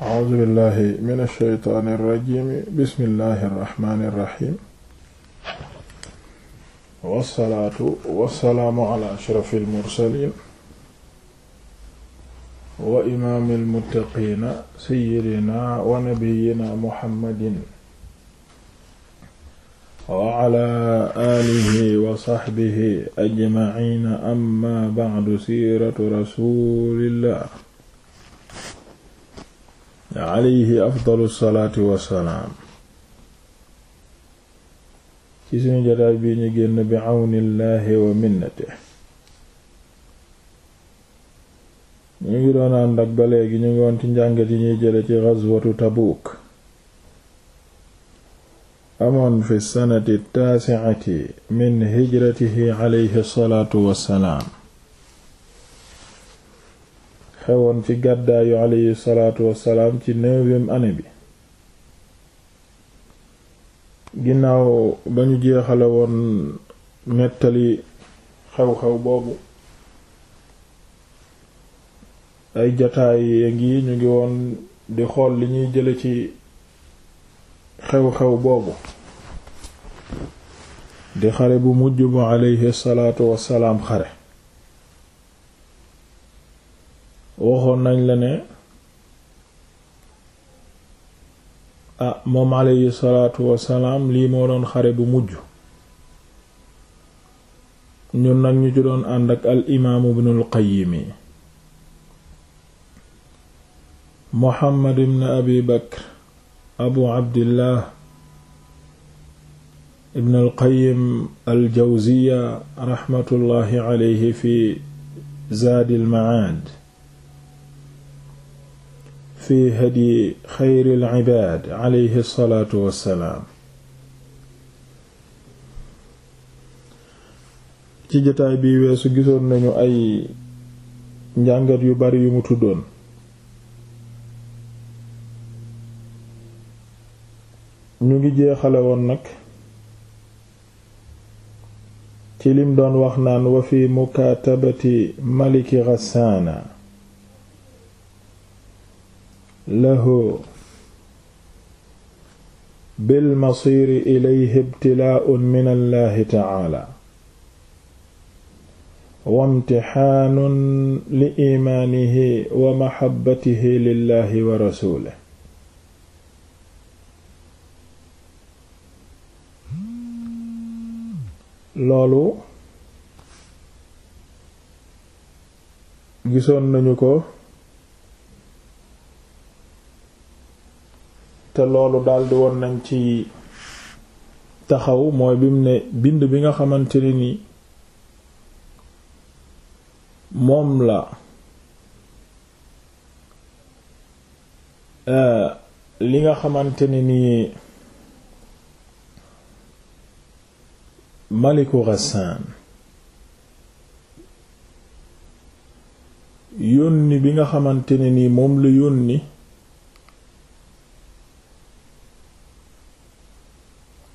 a'uuzu billahi mina shaytaani rajiim bismillahi rahmaani rahiim wassalaatu wassalaamu ala ashrafil mursaliin wa imaamil muttaqiina sayyidinaa wa nabiyyinaa muhammadin wa ala aalihi wa sahbihi ajma'iina amma ba'du siiratu rasuulillah alayhi afdalu salaatu ci suñu jataay bi ñu génn bi àwnillaahi wa minnate ñu ngi doon ànd ak ba léegi ñu ngi woon ci njàngat yi ñuy jële ci gazwatu Tabuuk amoon fi sanati taasiati min hijratihi alayhi salaatu wassalaam xewoon ci gàddaayu aleyhi salaatu wassalaam ci neuvième année bi ginnaaw ba ñu jeexale woon nettali xew-xew boobu ay jataay ya ngi ñu ngi woon di xool li ñuy jële ci xew-xew boobu di xare bu mujj bu aleyhi salaatu wassalaam xare waxoon nañ la ne ah moom alayhi salaatu wasalaam lii moo doon xare bu mujj ñun nag ñu ci doon ànd ak al imaamu ibnul qayyimi muhammad ibn abi bakr abu abdillah ibnul qayyim al jawziya raxmatullaahi alayhi fi zaadil maad fi ci jotaay bi weesu gisoon nañu ay njàngat yu bari yu mu tuddoon ñu ngi jeexale woon nag ci lim doon wax naan wa fi mukaatabati maliki Ghassaana lahu bilmasiri ilayhi ibtilaaun min allahi tacaala wa li imaanihi wa maxabbatihi lillahi loolu gisoon nañu ko te loolu daldi woon nañ ci taxaw mooy bi mu ne bind bi nga xamante ne ni moom la euh, li nga xamante ne ni Maliku Ghassan yónni bi nga xamante ne ni moom la yónni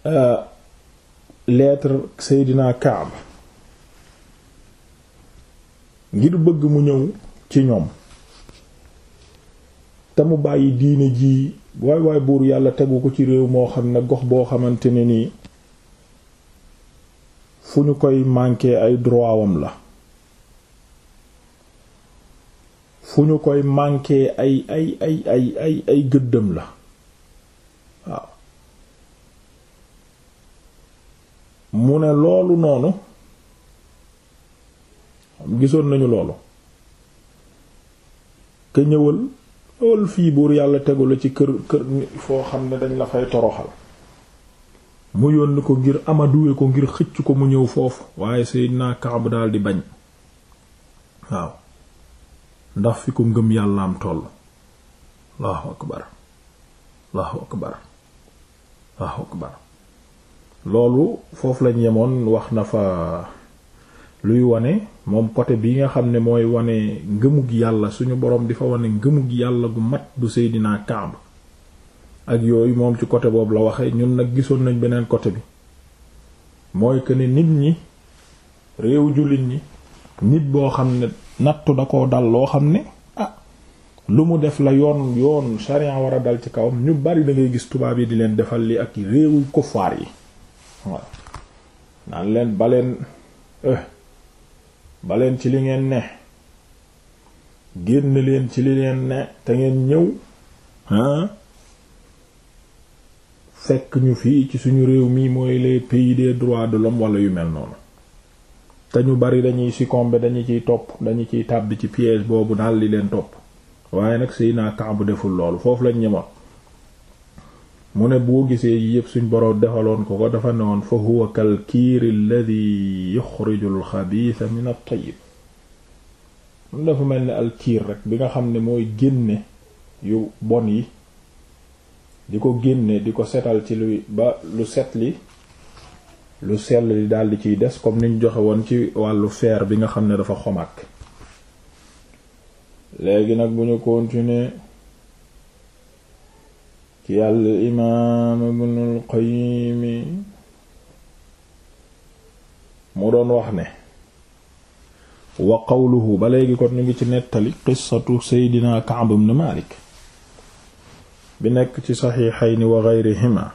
Euh, lettre Seydina kaam ngir bëgg mu ñëw ci ñoom te mu bàyyi diine ji waay waay buur yàlla tegu ko ci réew moo xam ne gox boo xamante ne nii fu ñu koy manqué ay droit wam la fu ñu koy manqué ay ay ay ay ay ay gëddëm la mu ne loolu noonu gisoon nañu loolu ka ñëwal lool fii buur yàlla tegul la ci kër kër foo xam ne dañ la fay toroxal mu yónni ko ngir amaduwe ko ngir xëcc ko mu ñëw foofu waaye Seydina Kaab daal di bañ waaw ndax fi ko ngëm yàllaam toll allahu akbar allahu akbar loolu foofu lañ yemoon wax na fa luy wane moom côté bi nga xam ne mooy wane ngëmug yàlla suñu borom di fa wane ngëmug yàlla gu mat du Seydina Kaab ak yooyu moom ci côté boobu la waxe ñun nag gisoon nañ beneen côté bi mooy que ne nit ñi réew jullit ñi nit boo xam ne nattu da ko dal loo xam ne ah lu mu def la yoon yoon sharia war a dal ci kawam ñu bari da gis tubaab yi di leen defal li ak réewu kuffaar yi waaw naan leen baleen eh, baleen ci li ngeen ne génn leen ci li ngeen ne te ngeen ñëw ah fekk ñu fii ci suñu réew mi mooy les pays des droits de l'homme wala yu mel noonu te ñu bari dañuy succomber dañu ciy topp dañu ciy tàbbi ci piège boobu daal di leen topp waaye nag Seydina Kaabu deful loolu foofu lañ ñëwaat mu ne boo gisee yi yépp suñ boroom defaloon ko ko dafa newoon fa huwa kal kiiri alladi yuxriju alxabiisa min at-tayyib mun dafa mel ni alkiir rek bi nga xam ne mooy génne yu bon yi di ko génne di ko setal ci luy ba lu set li lu sell li daldi ciy des comme niñ joxe woon ci wàllu feer bi nga xam ne dafa xomak léegi nag bu ñu continuer ki al imaam ibnul Qayyimi mu doon wax ne wa qawluhu ba léegi kon ñu ngi ci nettali qissatu seydina Ka'b ibn Malik bi nekk ci saxiixayni wa gayrihima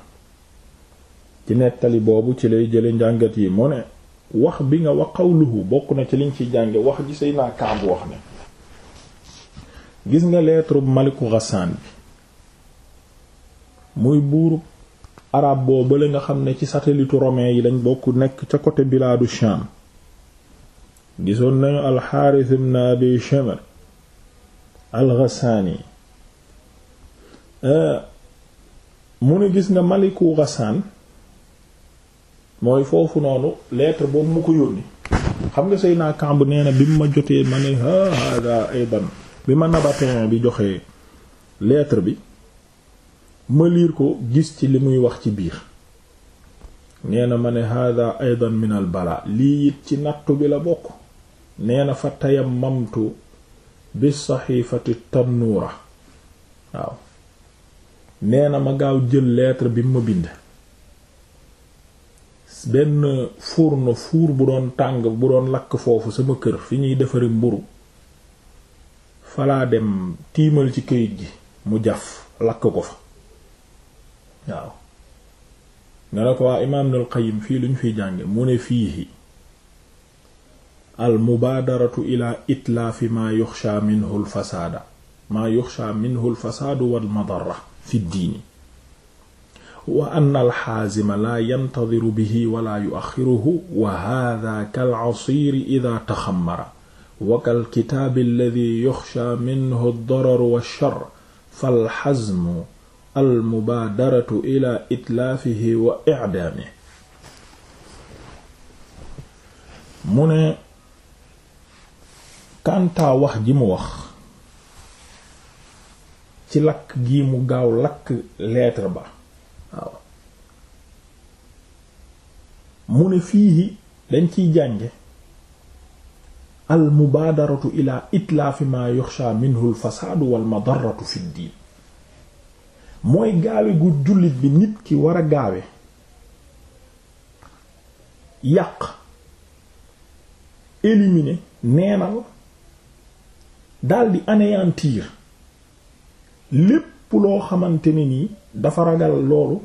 ci nettali boobu ci lay jële njàngat yi mu ne wax bi nga wa qawluhu bokk na ci liñ ciy jànge wax ji seydina Ka'b wax ne gis nga lettre Maliku Ghassan bi muy buur arab boo bale nga xam ne ci satellite romain yi lañ bokk nekk ca côté bilaadu Sham gisoon nañu alxaaris ibn abi Shamr al-Ghassani mu ne gis nga maliku Ghassan mooy foofu noonu lettre boobu mu ko yónni xam nga naa Kamb nee na bi mu ma jotee ma ne hada aidan bi ma nabatin bi joxee lettre bi ma ko gis ci li muy wax ci biir nee na ma ne hada aidan min al bala lii it ci nattu bi la bokk nee na fa tayammamtu bi saxifati tannuura waaw nee na ma gaaw jël lettre bi ma bind benn fourneau four bu doon tàng bu doon lakk foofu sama kër fi ñuy defari mburu falaa dem tiimal ci këyit gi mu jaf lakk ko fa waaw nga ne ko waa imaam Ibnul Qayyim fii lu ñu fiy jànge mu ne fiihi al mubaadaratu ila itlaafi maa yuxsha minhu al fasaada maa yuxsha minhu al fasaadu wal madarra fi diini wa anna al xaazima laa yantadiru bihi wala yuaxiruhu wa haadaa kal asiiri idaa taxammara wa kal kitaabi alladi yuxsha minhu ad-darar wa ash-sharr fal xazmu almubaadaratu ila itlaafihi wa i'daamihi mu ne kàntaa wax ji mu wax ci lakk gi mu gaaw lakk lettre ba waaw mu ne fii dañ ciy jànge almubaadaratu ila itlaafi maa yuxsha minhu alfasaadu walmadaratu fi ddiin mooy gaawe gu jullit bi nit ki war a gaawe yàq éliminer neenal daldi anéantir lépp loo xamante ne nii dafa ragal loolu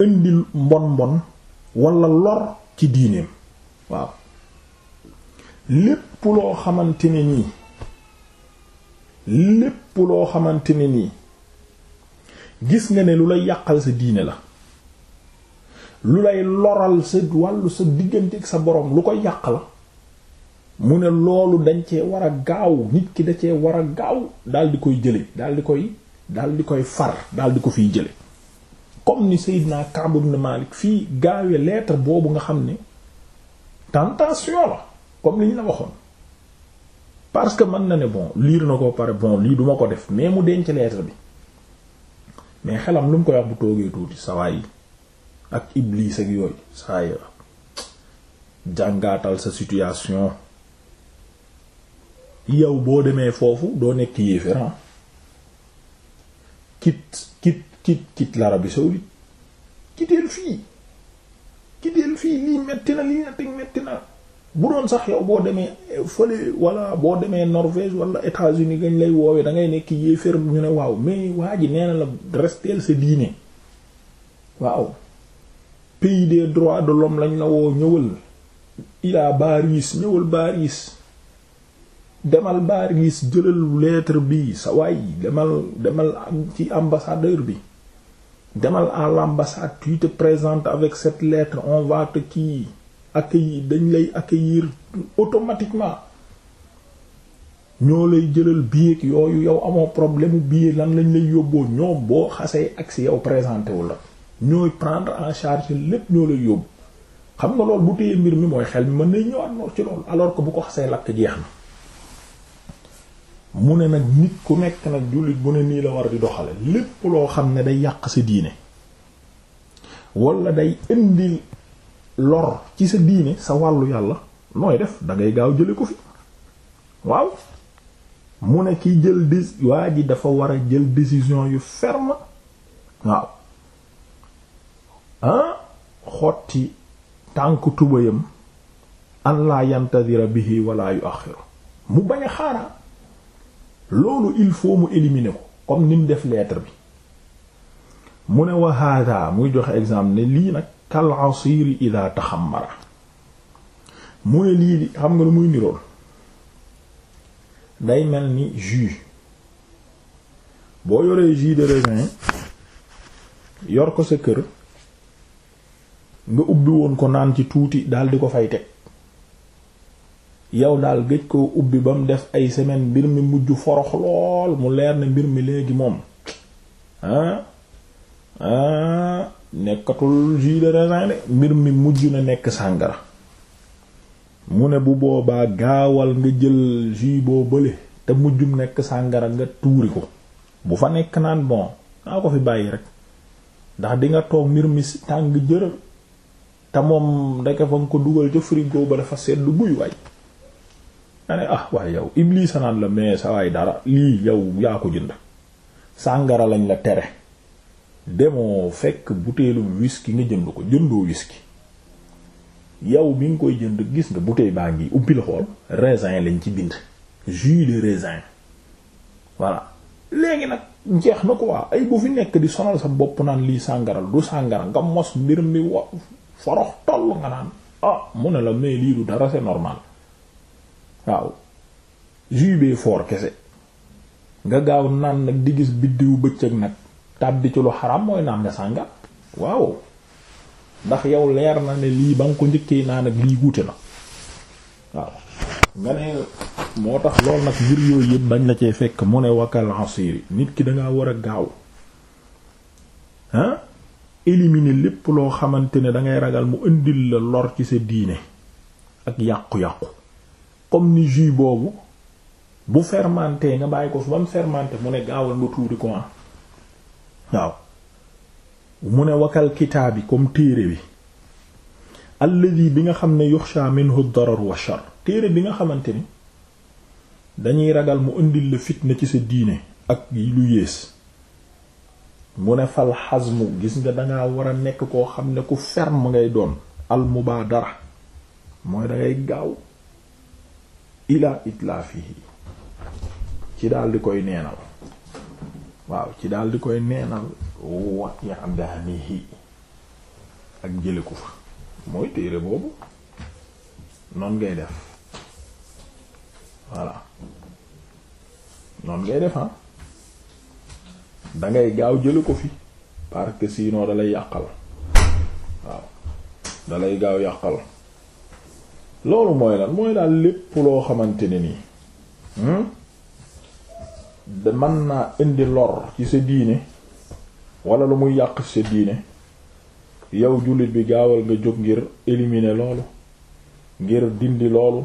indi mbon mbon walla lor ci diineem waaw lépp loo xamante nii lépp loo xamante ne nii gis nga ne lu lay yàqal sa diine la lu lay loral sa wàllu sa diggante ak sa borom lu ko yàq la mu ne loolu dañ cee war a gaaw nit ki da cee war a gaaw daal di koy jële daal di koy daal di koy far daal di ko fiy jële comme ni Seydina Ka'b ibn Malik fii gaawee lettre boobu nga xam ne tentation la comme li ñu la waxoon parce que mën na ne bon liir na ko pare bon lii duma ko def mais mu denc lettre bi mais xelam lu mu koy wax bu toogee tuuti sawaay yi ak iblis ak yooyu saa yi jàngaatal sa situation yow boo demee foofu doo nekk yéeféran ah. kit kit kit kit l'Arabie saoudite kiteel fii kiteel fii lii metti na lii na teg metti na bu doon sax yow boo demee fële wala boo demee Norvège wala États-Unis gañ lay woowee da ngay nekk yéeféer ñu ne waaw mais waa ji nee na la resteel sa diine waaw pays de droits de l'homme lañ la woo ñëwal ilaa Paris ñëwal Paris demal Paris jëlalu leetre bi sa waay demal demal am ci ambassadeur bi demal à l'ambassade tu te présentes avec cette leetre on va te kii accueillir dañ lay accueillir automatiquement ñoo lay jëlal billet yooyu yow amoo problème billet lan lañ lay yóbboo ñoom boo xasee ak si yow présenté wul la ñooy prendre en charge lépp ñoo lay yóbbu xam nga lool bu téye mbir mi mooy xel mi mën nañ ñëwaat noor ci loolu alors que bu ko xasee lakk jeex na mu ne nag nit ku nekk nag jullit bu ne nii la war di doxale lépp loo xam ne day yàq sa diine wala day indi lor ci sa diine sa wàllu yàlla nooy def dangay gaaw jële ko fi waaw mu ne ki jël dés waa ji dafa war a jël décision yu ferme waaw ah xotti tànk tubayam an laa yantadira bihi wala yu axiru mu bañ a xaaraa loolu il faut mu éliminer ko comme ni def lettre bi mu ne wa hada muy joxe exemple ne lii nag kal asiri ida taxammara mu ne lii di xam nga lu muy niroon day mel ni jus boo yoree jus de raisin yor ko sa kër nga ubbi woon ko naan ci tuuti daal di ko fayte yow daal gëj ko ubbi ba mu def ay semaine mbir mi mujj forox lool mu leer ne mbir mi léegi moom ah, ah nekkatul mbir mi mujj na nekk sàngara mu ne bu boobaa gaawal nga jël jus boo bële te mujjum nekk sàngara nga tuuri ko bu fa nekk naan bon naa ko fi bàyyi rek ndax dinga toog mbir mi tàng jërër te moom ndeke fa nga ko dugal ca frigo ba dafa seddu buy waay nga ne ah waaye yow Iblis naan la mais sa dara lii yow yaa ko jënd sàngara lañ la tere demoo fekk butéelu whisky nga jënd ko jëndoo whisky yow bi nga koy jënd gis nga bouteille baa ngi ubbi la xool raisin lañ ci bind jus de raisin voilà léegi nag jeex na quoi ay bu fi nekk di sonal sa bopp naan lii sàngara du sàngara nga mos mbir mi wa forox toll nga naan ah mu ne la mais lii du dara c'est normal waaw jus bee fort kese nga gaaw naan nag di gis biddiwu bëccëg nag tàbbi ci lu xaram mooy naan nga sàngar waaw ndax yow leer na ne lii ba nga ko njëkkee naan ak lii wuute na waaw nga ne moo tax lool nag mbir yooyu yëpp dañ la cee fekk mu ne wakal asiri nit ki dangaa war a gaaw ah éliminer lépp loo xamante ne dangay ragal mu indil la lor ci sa diine ak yàqu-yàqu comme ni jus boobu bu fermenté nga bàyyi ko su ba mu fermenté mu ne gaawal nga tuuri ko ah. waaw mu ne wakal kitaabi comme téere bi alladi bi nga xam ne yuxsha minhu darar wa shar téere bi nga xamante ni dañuy ragal mu indi la fitna ci sa diine ak lu yées mu ne fal xasmu gis nga danga war a nekk koo xam ne ku ferme ngay doon al mubaadara mooy dangay gaaw ilaa itlaafihi ci daal di koy neenal waaw ci daal di koy neenal waqi daanihi ak jële ko fa mooy téere boobu noon ngay def voilà noon ngay def ah. dangay gaaw jële ko fi parce que dalay yàqal waaw dalay gaaw yàqal loolu mooy lan mooy daal lépp loo xamante ne nii hmm? mën naa indi lor ci sa diine wala lu muy yàq ci sa diine yow jullit bi gaawal nga jóg ngir éliminer loolu ngir dindi loolu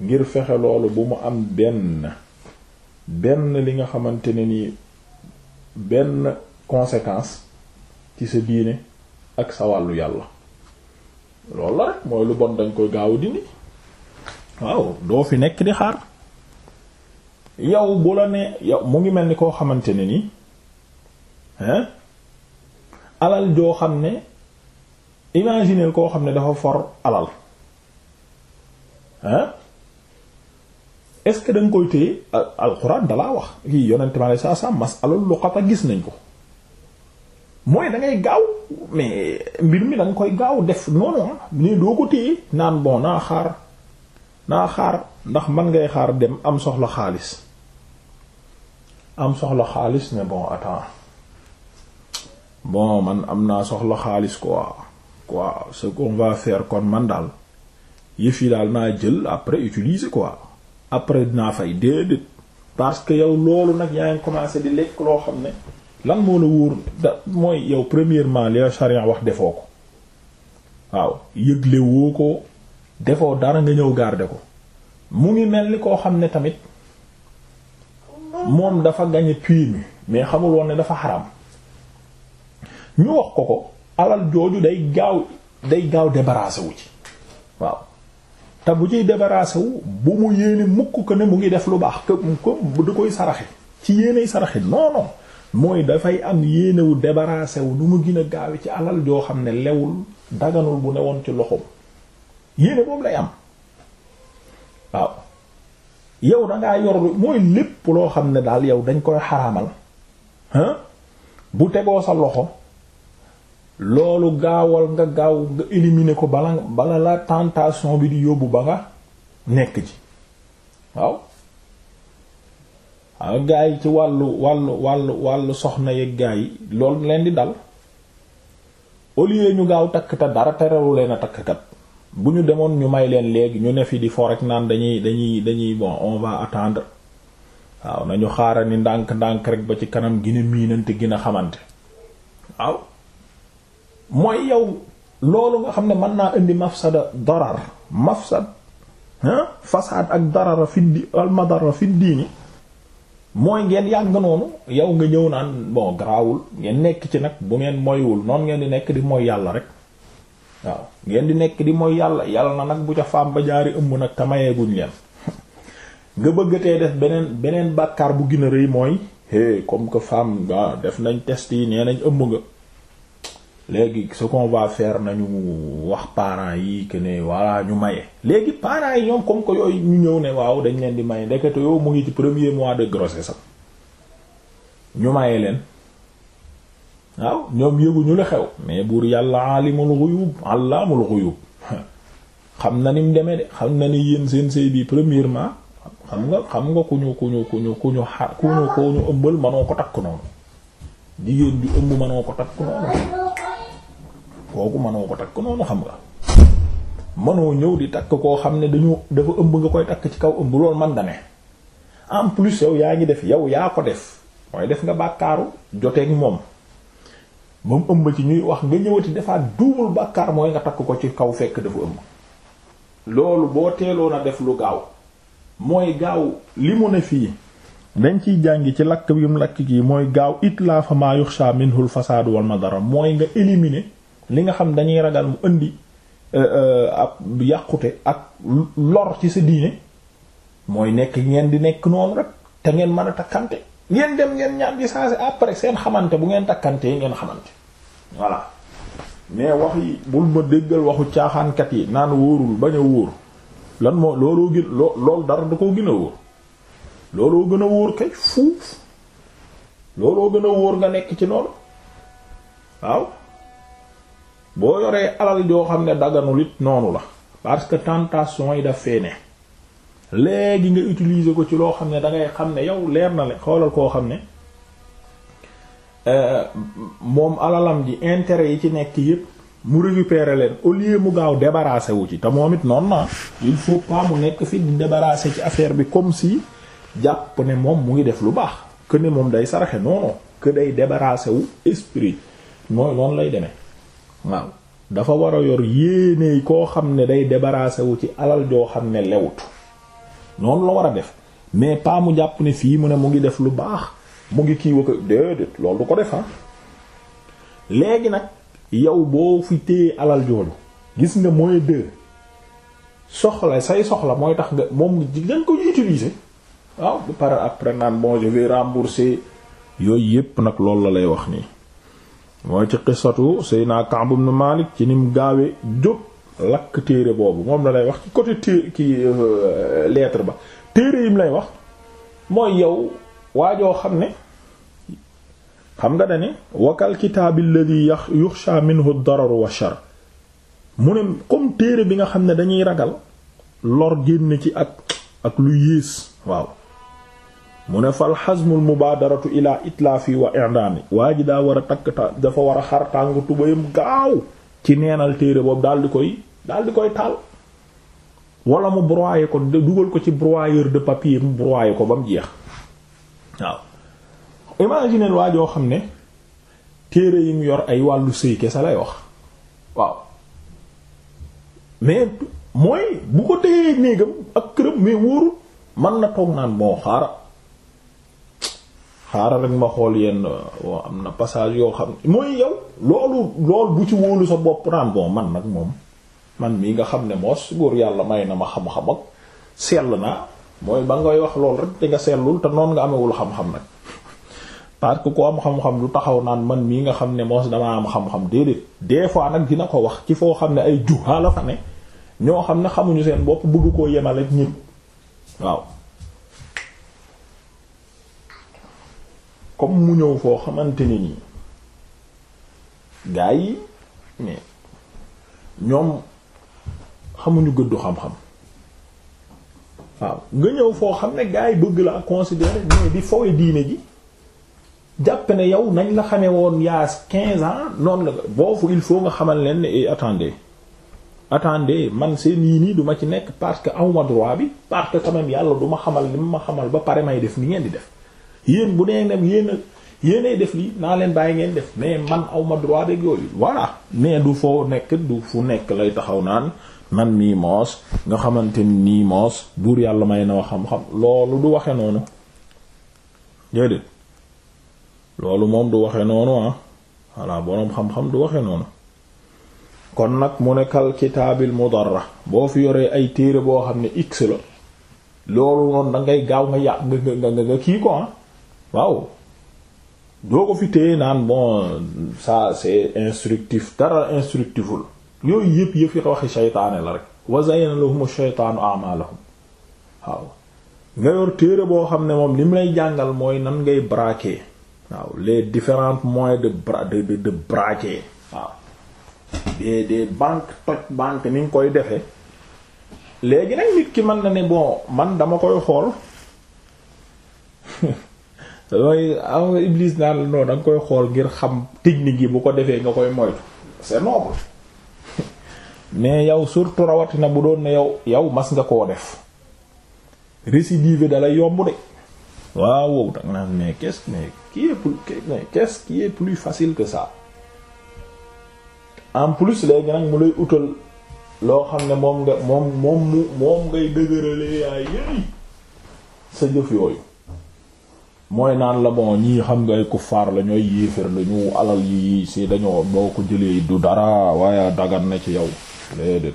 ngir fexe loolu bu mu am benn benn li nga xamante ne ni benn conséquence ci sa diine ak sa wàllu yàlla lool la rek mooy lu bon dañ koy gaaw dindi waaw doo fi nekk di xaar yow bu la ne yow mu ngi mel ni koo xamante ne nii hein alal joo xam ne imaginer koo xam ne dafa for alal hein est-ce que da nga koy téye dalaa wax kii yonente ma lay saa saa mas alal luqata gis nañ ko mooy da gaaw mais mbir mi da koy gaaw def noonu ne ah. doo ko téye naan bon naa xaar naa xaar ndax man ngay xaar dem am soxla xaalis am soxla xaalis ne bon attends bon man am naa soxla xaalis quoi quoi ce qu'on faire kon man daal yëf yi daal naa jël après utiliser koi après dinaa fay déedéet parce que yow loolu nag yaa ngi commencé di lekk loo xam ne lan moo la wóor mooy yow premièrement li la wax defoo ko waaw yëgle ko defoo dara nga ñëw garder ko mu ngi mel ni koo xam ne tamit. moom dafa gañe puits mi mais xamul woon ne dafa xaram ñu wax ko ko alal jooju day gaaw day gaaw débarrassé wu ci waaw te bu ciy débarrassé wu bu mu yéene mukk ko ne mu ngi def lu baax que que du koy saraxe ci yéeney saraxe non non mooy dafay am yéene wu wu nu mu gën a gaawe ci alal joo xam ne lewul daganul bu newoon ci loxoom yéene boobu lay am waaw. yow dangaa yor lu mooy lépp loo xam ne daal yow dañ koy xaraamal ah bu tegoo sa loxo loolu gaawal nga gaaw nga éliminer ko bala bala la tentation bi di yóbbu ba nga nekk ci waaw waaw gaa yi ci wàllu wàllu wàllu wàllu soxna yeeg gaa yi loolu leen di dal au lieu ñu gaaw takk te dara terewul leen a takk kat bu ñu demoon ñu may leen léegi ñu ne fi di foo rek naan dañuy dañuy dañuy bon on va attendre waaw nañu xaaral ni ndànk-ndànk rek ba ci kanam gina miinante gina xamante waaw mooy yow loolu nga xam ne mën naa indi mafsada darar mafsad fasaad ak darara fi di almadara fi mooy ngeen yàgg noonu yow nga ñëw naan bon garaawul ngeen nekk ci nag bu ngeen moywul noonu ngeen di nekk di mooy yàlla rek waaw ngeen di nekk di mooy yàlla yàlla na nag bu ca faam ba jaari ëmb nag te mayeeguñ leen nga bëggatee def beneen beneen bakkaar bu gën a rëy mooy hey comme que femme waaw def nañ test yi nee nañ ëmb nga léegi ce qu'on va faire nañu wax parents yi que ne voilà ñu maye léegi parents yi ñoom comme que yooyu ñu ñëw ne waaw dañ leen di maye ndekete yow mu ngi ci premier mois de grossesse am ñu maye leen waaw ñoom yëguñu la xew mais buur yàlla alimul ghuyub allaamul ghuyub xam na ni mu demee de xam na ni yéen seen sëy bi premièrement xam nga xam nga ku ñu ku ñu ku ñu ku ñu xa ku ñu ku ñu ëmbal manoo ko takk noonu jigéen ju ëmb ko takk ko takk noonu xam nga manoo ñëw di takk koo xam ne dañu dafa ëmb nga koy takk ci kaw ëmb loolu man da ne en plus yow yaa ngi def yow yaa ko def mooy def nga bàkkaaru joteek moom ba mu ëmb ci ñuy wax nga ñëwati defaat duubul bàkkaar mooy nga takk ko ci kaw fekk dafa ëmb loolu boo teeloon a def lu gaaw mooy gaaw li mu ne fii dañ ciy jàngi ci lakk bi mu lakk kii mooy gaaw it laa fa maa yuxsha minhu al-fasaad mooy nga éliminer li nga xam dañuy ragal mu indi euh, euh, ab yàqute ak lor ci sa diine mooy nekk ngeen di nekk noonu rek te ngeen mën a takkante ngeen dem ngeen ñaan di saa si après seen xamante bu ngeen takkantee ngeen xamante voilà mais wax yi bul ma déggal waxu caaxaankat yi naan wóorul bañ a wóor lan moo looloo gën loo lool dara da ko gën a wóor looloo gën a wóor kay fuuf looloo gën a wóor nga nekk ci loolu waaw boo yoree alal joo xam ne daganul it noonu la parce que tentation yi daf fee ne léegi nga utiliser ko ci loo xam ne da ngay xam ne yow leer na le xoolal koo xam ne euh, moom alalam ji intérêt yi ci nekk yépp mu récupérer leen au lieu mu gaaw débarrasser wu ci te moom it noon na il faut pas mu nekk fi di ci affaire bi comme si jàpp ne moom mu ngi def lu baax que ne moom day saraxe non non que day débarrasser wu esprit mooy noonu lay deme waaw dafa war a yor yéene koo xam ne day débarrasser wu ci alal joo xam ne lewut noonu la war a def mais pas mu jàpp ne fii mu ne mu ngi def lu baax mu ngi kii wa ko déedéet loolu du ko def ah. léegi nag yow boo fi téye alal jooju gis nga mooy deux soxla say soxla mooy tax nga moom dañ ko utiliser waaw bu pare après naan bon je vais yooyu yépp nag loolu la lay wax nii mooy ci sëy naa Ka'b ibn Malik ci nim gaawe jóg lakk téere boobu moom la lay wax ci côté té ki euh, lettre ba téere yim lay wax mooy yow waajoo xam ne xam nga dane wakal kitaab alladhi yukhsha minhu ad wa shar mu ne comme téere bi nga xam ne dañuy ragal lor génn ci ak ak lu yées waaw mu ne fal xasmul mubaadaratu ilaa itlaafi wa i'daami waa ji daa war a takk dafa war a xar tàngu tubéyam gaaw ci neenal téere boobu daal di koy daal di koy taal wala mu broyer ko dugal ko ci broyeur de papier mu broyer ko ba mu jeex waaw imaginer waa joo xam ne téere yi mu yor ay wàllu sëy sa lay wax waaw mais mooy bu ko téyee néegam ak këram mais wóorul mën na toog naan moo xaaral xaaral rek ma xool yenn waa am na passage yoo xam mooy yow loolu lool bu ci wóolu sa bopp naan bon man nag moom man mii nga xam ne moos góor yàlla may na ma xam-xam ak sell naa mooy ba ngay wax loolu rek te nga sellul te noonu nga amewul xam-xam nag parce que am xam-xam lu taxaw naan man mii nga xam ne moos damaa am xam-xam déedéet des fois nag dina ko wax ci foo xam ne ay juha la fa ne ñoo xam ne xamuñu seen bopp bëgg koo yemal ak ñépp waaw comme mu ñëw foo xamante ni nii gaa yi mais ñoom xamuñu gëddu xam-xam waaw nga ñëw foo xam ne gaa yi bëgg laa considérer mais di fooy diine ji jàpp ne yow nañ la xamee woon yaa quinze ans noonu la boofu il faut nga xamal leen ne eh, attender attendez man seen yii nii duma ci nekk parce que awma droit bi parce que quand même yàlla duma xamal li ma xamal ba pare may def ni ngeen di def yéen bu dee dem yéen a yéenay def lii naa leen bàyyi ngeen def mais man awma droit rek yooyu waa mais du foo nekk du fu nekk lay taxaw naan man mii moos nga xamante nii moos buur yàlla may na xam-xam loolu du waxe noonu déedéet loolu moom du waxe noonu ah voilà boroom xam-xam du waxe noonu kon nag mu nekkal kitaabil mudarra boo fi yoree ay téere boo xam ne x la loolu noonu da gaaw nga yàq nga nga nga kii ko ah waaw doo ko fi téye naan bon ça c'est instructif dara instructiful yooyu yëpp yëpp yi waxi seytaane la rek wa zayyana lahum ash-shaytaanu a'maalahum waaw nga yor téere boo xam ne moom li mu lay jàngal mooy nan ngay braquer waaw les différents moyens de bra de de braquer waaw des des banques toj banque ni nga koy defee léegi nag nit ki man na ne bon man dama koy xool yooyu aw ah, Iblis naan non da koy xool ngir xam technique yi bu ko defee nga koy moytu c'est noble mais yow surtout rawatina bu doon ne yow yow mas nga koo def récidive da lay yomb de waaw wow da naan mais qu'est-ce kii qui est plus qu'est-ce facile que ça en plus léegi nag mu lay utal loo xam ne moom nga moom moom mu moom ngay dëgërale yaay yéy sa jëf yooyu. mooy naan la bon ñii xam nga ay kuffaar la ñooy yéefér la ñu alal yi si dañoo boo ko jëlee du dara waaye dagan na ci yow léedéet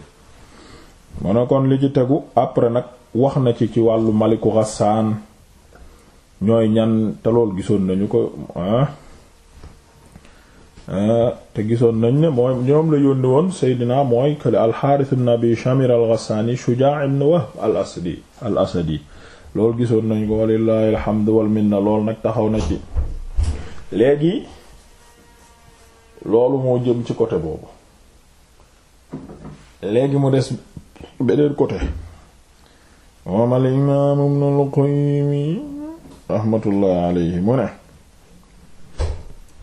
mu kon li ci tegu après nag wax na ci ci wàllu maliku Ghassan ñooy ñan te lool gisoon nañu ko ah, ah te gisoon nañ ne mooy ñoom la yónni woon Seydina mooy kële al Harith ibn Abi Shamir al Ghassani Shuja' ibn Wahb al Asadi al Asadi loolu gisoon nañ ko walillahi alhamdu wal na lool nag taxaw na ci léegi loolu moo jëm ci côté boobu léegi mu des beneen côté moom al imaam ibnul Qayyim rahmatullahi alayhi mu ne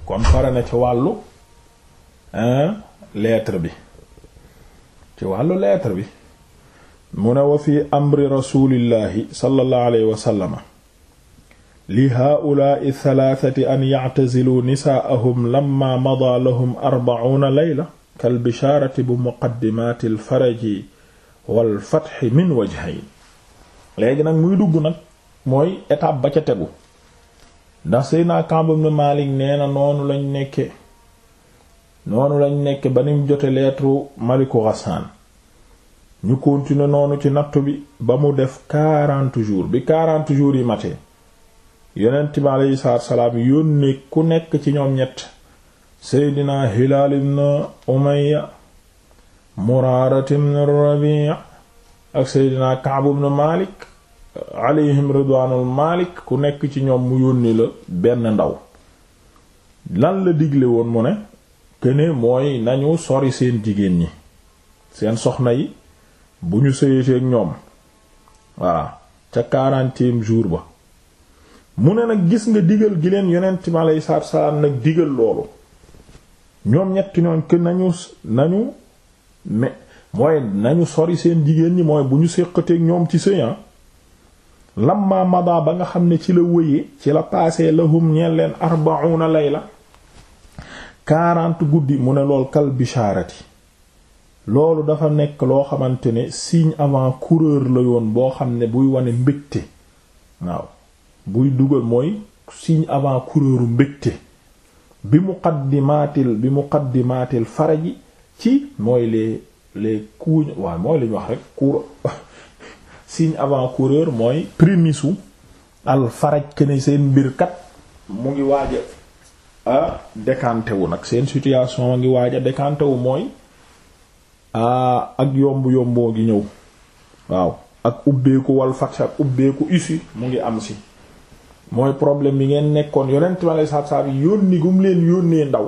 kon pare na ci wàllu lettre bi ci wàllu lettre bi mu ne wa fi amri rasulillahi sallallahu alayhi wa sallama li haa'ulaa'i thalathati an ya'tazilu nisaa'ahum lamma madaa lahum arba'uuna layla kal bishaarati bu muqaddimaati al faraji wal fathi min wajhayn léegi nag muy dugg nag mooy étape ba ca tegu ndax Seydina Kaab ibn Maalik nee na noonu lañ nekke noonu lañ nekke ba nim jote lettre Maliku Ghassan ñu continuer noonu ci nattu bi ba mu def quarante bi quarante jours yi matee yonent bi aleyhi yónnee ku nekk ci ñoom ñett seydina hilaal ibn umayya muraarat ak seydina ka'b ibn malik aleyhim malik ku nekk ci ñoom mu yónni la benn ndaw lan la digle woon mu ne këne mooy nañu sori seen jigéen ñi seen soxna yi bu ñu sëyee ñoom waa ca quarantième jour ba mu ne nag gis nga digal gi leen yonent mi aleyhi salaatu salaam nag digal loolu ñoom ñetti ñooñ que nañu nañu mais mooy nañu sori seen jigéen ñi mooy bu ñu séqateeg ñoom ci sëyan ah. lamma mada ba nga xam ne ci la wëyee ci la paasee lahum ñeen leen arbauna layla quarante guddi mu ne lool kal bishaarati loolu dafa nekk loo xamante ne signe avant-coureur la yoon boo xam ne buy wane mbégte waaw buy dugal mooy signe avant-coureuru mbégte bi mu muqaddimaatil bi muqaddimaatil faraji ci mooy les les coups waaw mooy li wax rek cour signe avant-coureur mooy prémisse u al faraj ke ne seen mbir kat mu ngi waaja a ah, décanté wu nag seen situation ngi waaj a décanté wu mooy Ah, ak yomb yomboo gi ñëw waaw ak ubbeeku wal fath ak ubbeeku ussi mu ngi am si mooy problème bi ngeen nekkoon yonent ma lay saab saab yónni gum leen yónnee ndaw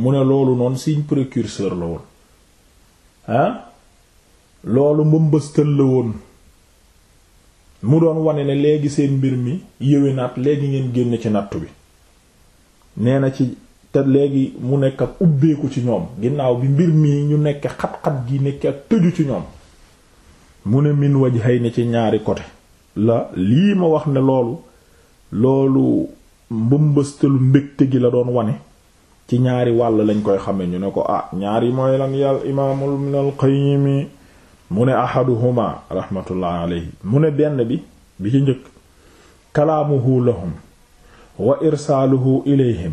mu ne loolu noon signe précurseur la woon ah loolu mbëmbëstal la woon mu doon wane ne léegi seen mbir mi yéwe naat léegi ngeen génn ci nattu bi neena ci te léegi mu nekk ak ubbeeku ci ñoom ginnaaw bi mbir mi ñu nekk xat-xat gi nekk ak tëju ci ñoom mu ne min wajhayni ci ñaari côté la lii ma wax ne loolu loolu mbëmbëstalu mbégte gi la doon wane ci ñaari wàll lañ koy xame ñu ne ko ah ñaari mooy lan yàll imaamul ibn al mu ne ahaduhuma rahmatullahi alayhi mu ne benn bi bi ci njëkk kalaamuhu lahum wa irsaaluhu ilayhim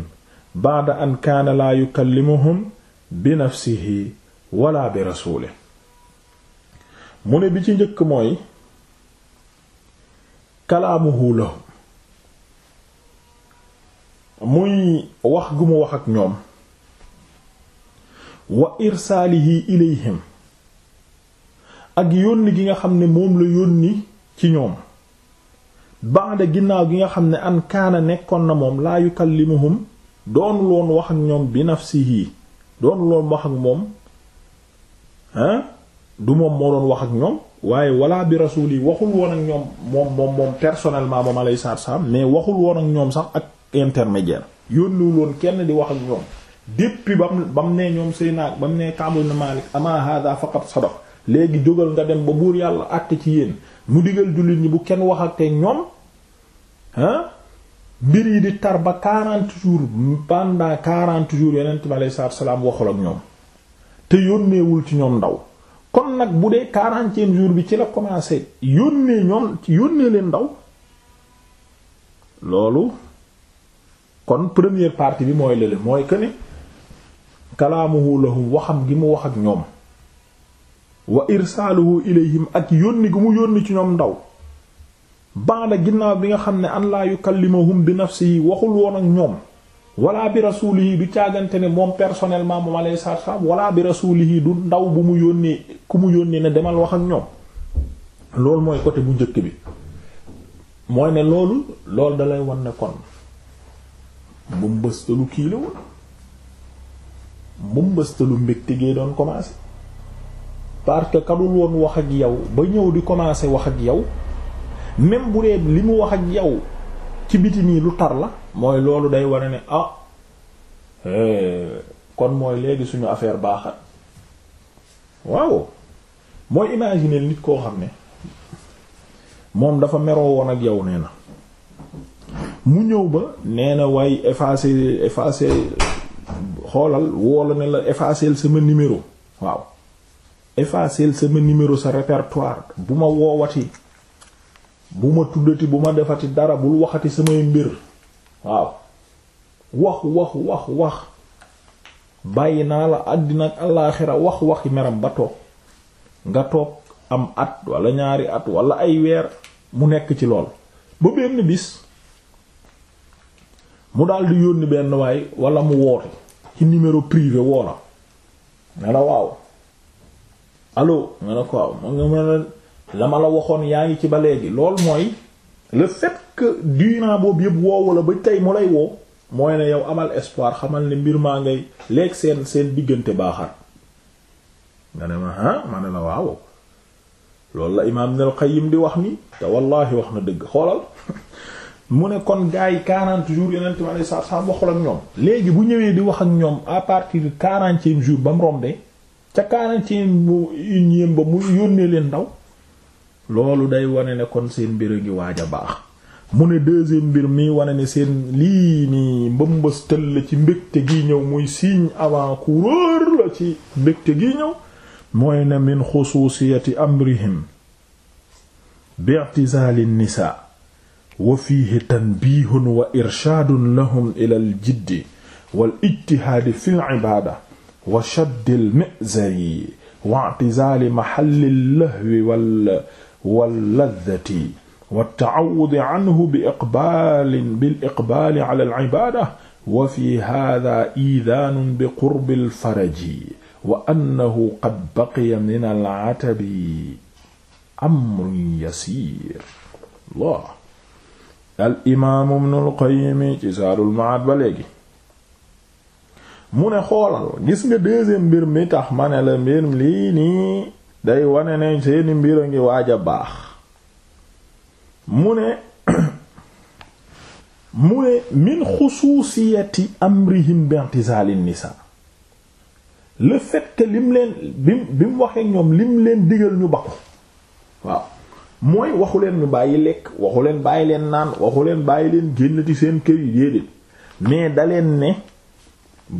baada an kaana laa yukallimuhum bi nafsihi wala bi rasuulihi mu ne bi ci njëkk mooy kalaamuhu lahum muy wax gu mu wax ak ñoom wa irsaalihi ilayhim ak yónni gi nga xam ne moom la yónni ci ñoom baada ginnaaw gi nga xam ne an kaana nekkoon na moom laa yukallimuhum doonul woon wax ak ñoom bi yii doonul woon wax ak moom ah du moom moo doon wax ak ñoom waaye wala bi rasul yi waxul woon ak ñoom moom moom moom personnellement moom alayhi saam mais waxul woon ak ñoom sax ak intermédiaire yónniwul woon kenn di wax ak ñoom depuis ba mu ba ne ñoom say naag ba ne nee na ibn Malik ama hada faqat sadaq léegi jógal nga dem ba buur yàlla àtte ci yéen mu digal jullit ñi bu kenn wax ak te ñoom ah mbir yi di tar ba 40 jours pendant 40 jours yonent bi aleyhi salaatu wa salaam waxul ak ñoom te yónneewul ci ñoom ndaw kon nag bu dee 40e jour bi ci la commencé yónnee ñoom yónnee leen ndaw loolu kon première partie bi mooy lële mooy que ne kalaamuhu lahum waxam gi mu wax ak ñoom wa irsaaluhu ilayhim ak yónni gu mu yónni ci ñoom ndaw baada ginnaaw bi nga xam ne an laa yukallimuhum bi nafsihi waxul woon ak ñoom wala bi rasulihi du caagante ne moom personnellement moom alayhi salaam wala bi rasulihi du ndaw bu mu yónnee ku mu yónnee ne demal wax ak ñoom loolu mooy côté bu njëkk bi mooy ne loolu loolu dalay wan ne kon mbëmbëstalu kii la woon mbëmbëstalu doon commencé parce que kadul woon wax ak yow ba ñëw di commencé wax ak yow même bu dee li mu wax ak yow ci biti nii lu tar la mooy loolu day wane ne ah eh, kon mooy léegi suñu affaire baaxat waaw mooy imaginer nit koo xam ne moom dafa meroo woon ak yow nee na mu ñëw ba nee na waaye effacer effacer xoolal woola ne la effacer sama numéro waaw effacer sama numéro sa répertoire bu ma woowati bu ma tuddati bu ma defati dara bul waxati samay mbir waaw wax wax wax wax bàyyi naa la àddina ak alaaxira wax waxi meram ba toog nga toog am at wala ñaari at wala ay weer mu nekk ci lool ba benn bis mu daldi yónni benn waay wala mu woote ci numéro privé woo la ne la waaw ko waaw ma nga mën la ma la waxoon yaa ngi ci ba léegi lool mooy le fait que durant boobu yëpp woowu la ba tey mu lay woo mooy ne yow amal espoir xamal ne mbir maa ngay léeg seen seen diggante baaxar nga ne ma ah ma ne la waaw loolu la imaam Ibn al-Qayyim di wax ni te wallaahi wax na dëgg xoolal mu ne kon gars yi 40 jours yeneen tamit saa saa waxul ak ñoom léegi bu ñëwee di wax ak ñoom à partir du 40 jour ba mu rombé ca 40e bu unième ba mu yónnee leen ndaw. loolu day wane ne kon seen mbir a ngi waaj a baax mu ne deuxième mbir mi wane ne seen lii nii mbëmbës ci mbégte gi ñëw muy signe avant-coureur la ci mbégte gi ñëw mooy ne min xusuusiyati amrihim bi'tizali nisaa wa fiihi tanbihun wa irshaadun lahum ila jiddi wal ijtihaadi fi al ibaada wa shaddil mi'zari wa i'tizaali mahallil lahwi wal walladati waltaawudi anhu bi iqbaali bil iqbaali ala alcibaada wa fi hada idaanun bi qurbi alfaraji wa annahu qad baqiya min alatabi amrun yasiir Allah al imaamu ibnul qayyim ci saarul maad ba léegi mu ne xoolal gis nga deuxième mbir mi tax ma ne la mbir lii nii day wane ne seeni mbir a ngi waaj a baax mu ne mu ne min xusuusiyati amrihim bi'tizal an-nisa le fait que lim leen bi mu waxee ñoom lim leen digal ñu bakku waaw mooy waxu leen ñu bàyyi lekk waxu leen bàyyi leen naan waxu leen bàyyi leen génnati seen kër yi déedéet mais daleen leen ne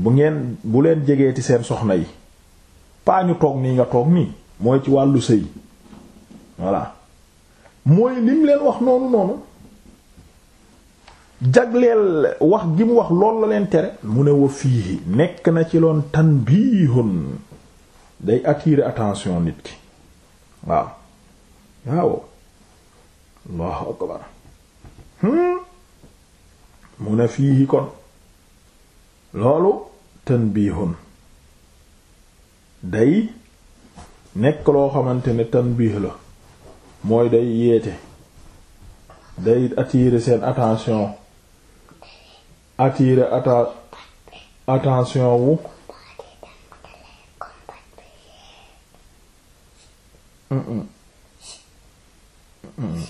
bu ngeen bu leen jegeeti seen soxna yi paa ñu toog nii nga toog nii mooy ci wàllu sëy voilà mooy lim leen wax noonu noonu jagleel wax gi mu wax loolu la leen tere mu ne wa fii nekk na ci loon tanbihun day attirer attention nit ki waaw hmm? loolu tanbihun day nekk loo xamante ne tan tanbiih la mooy day yeete day attirer seen attention attirer atta attention wu mm -mm. mm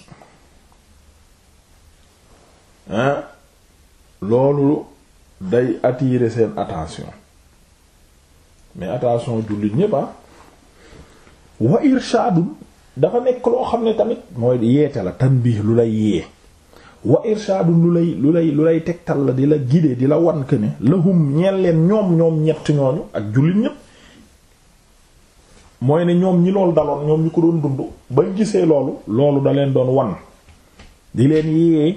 loolu day attirer seen attention mais attention jullit ñëpp ah. wa irshaadun dafa nekk loo xam ne tamit mooy yeete la tanbih lu lay yee wa irshaadun lu lay lu lay lu lay tegtal la di la guider di la wan que ne lahum ñeel leen ñoom ñoom ñett ñooñu ak jullit ñépp mooy ne ñoom ñi loolu daloon ñoom ñu ko doon dund bañ gisee loolu loolu da leen doon wan di leen yee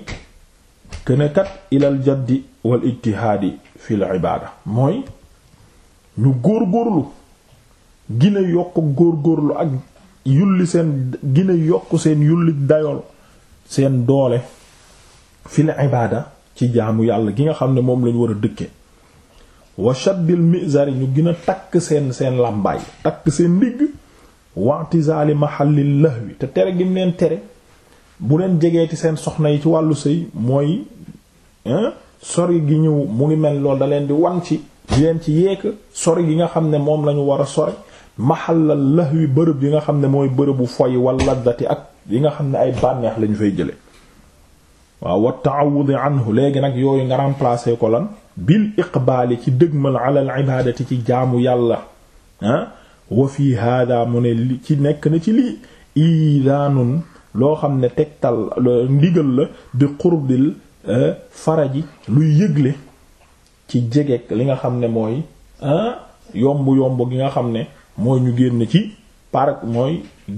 que ne kat ilal jaddi wal ijtihaadi ibaada mooy ñu góor góorlu gina yokk góor góorlu ak yulli seen gina yokk seen yulli dayool seen doole fil ibaada ci jaamu yàlla gi nga xam ne moom lañ war a dëkke wa shaddil mizari ñu gën a takk seen seen làmbaay takk seen ndigg wa'tizali mahallil lahwi te tere gi mu leen tere bu leen ci seen soxna yi ci wàllu sëy mooy sori gi ñëw mu ngi mel lool da leen di wan ci di leen ci yeek sori gi nga xam ne moom lañu war a sori maxallal lahwi bërëb yi nga xam ne mooy bërëbu foy wala dati ak yi nga xam ne ay bànneex lañu fay jële waaw wa ta'awudi anhu léegi nag yooyu nga remplacer ko lan bil iqbaali ci dëgmal ala al ibaadati ci jaamu yàlla ah wa fii hada mu ne li ci nekk na ci lii idaanun loo xam ne tegtal ndigal la bi qurbil eh, faraji luy yëgle ci jegeek li nga xam ne mooy ah, yomb yomb gi nga xam ne mooy ñu génn ci par mooy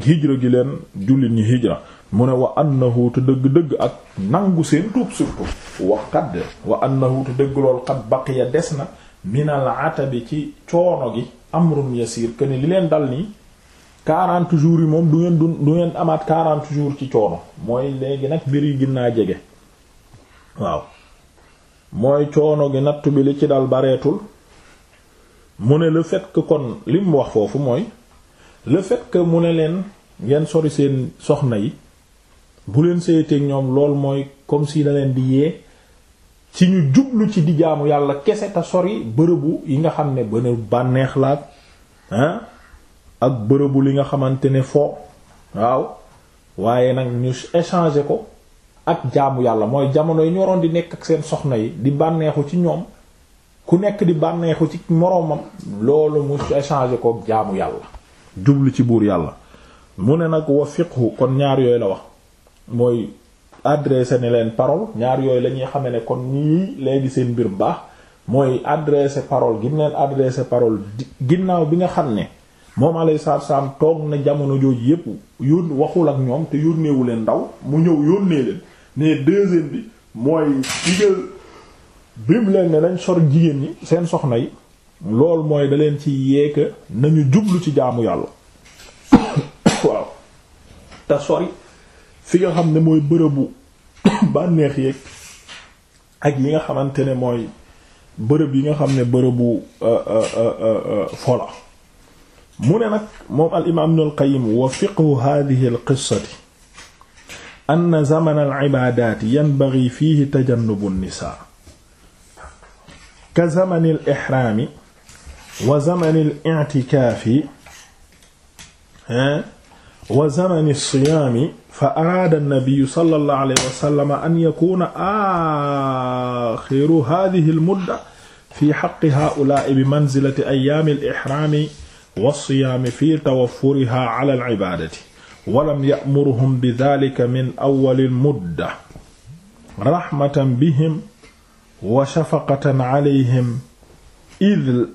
hijra gi leen jullit ñi hijra mu ne wa annahu te dëgg-dëgg ak nangu seen tuub surtout wa qad wa annahu te dëgg lool qad baqiya des na minal bi ci coono gi amrun yasir que ne li leen dal ni 40 jours yi moom du ngeen du ngeen amaat 40 jours ci coono mooy léegi nag mbir yi gën jege waaw mooy coono gi natt bi li ci dal bareetul mu ne le kon li mu wax foofu mooy le fait mu ne leen ngeen sori seen soxna yi bu leen seeteeg ñoom lool mooy comme si da leen di yee ci ñu jublu ci di jaamu yàlla kese te sori bërëbu yi nga xam ne bën bànneex laag ak bërëbu li nga xamante ne foo waaw waaye nag ñu échanger ko ak jaamu yàlla mooy jamono yi ñu waroon di nekk ak seen soxna yi di bànneexu ci ñoom ku nekk di bànneexu ci moroomam loolu mu échanger kook jaamu yàlla jublu ci buur yàlla mu ne nag wa fiqhu kon ñaar yooyu la wax mooy adressé ne leen parole ñaar yooyu lañuy ñuy xame ne kon ñii léegi seen mbir baax mooy adressé parole gim leen adressé parole ginnaaw bi nga xam ne moom alayhi salaatu salaam toog na jamono jooju yépp yón waxul ak ñoom te yónneewu leen ndaw mu ñëw yónnee leen ne deuxième bi mooy digal bim leen ne nañ sor jigéen ñi seen soxna yi lool mooy da ci yeeka nañu jublu ci jaamu yàlla waaw te sori fi nga xam ne mooy bërëbu bànneex yeeg ak yi nga xamante ne mooy bërëb yi nga xam ne bërëbu euh, euh, euh, fola mu ne nag moom al imaam ibn al qayyim wa fiqhu hadhihi al qissati anna zaman al ibadaati yanbaghi fihi tajannubu an-nisaa ka zamanil ixraami wa zamanil i'tikaafi wa zamani siyaami fa araada nabiyu sallallahu alayhi wa sallam an yakuuna aaxiru haadihi almudda fi xaqqi haa'ulaa'i bi manzilati ayyaami al-ihraami wa siyaami fi tawaffurihaa ala al-ibaadati wa lam ya'murhum bi dhaalika min awwali al-mudda rahmatan bihim wa shafaqatan alayhim id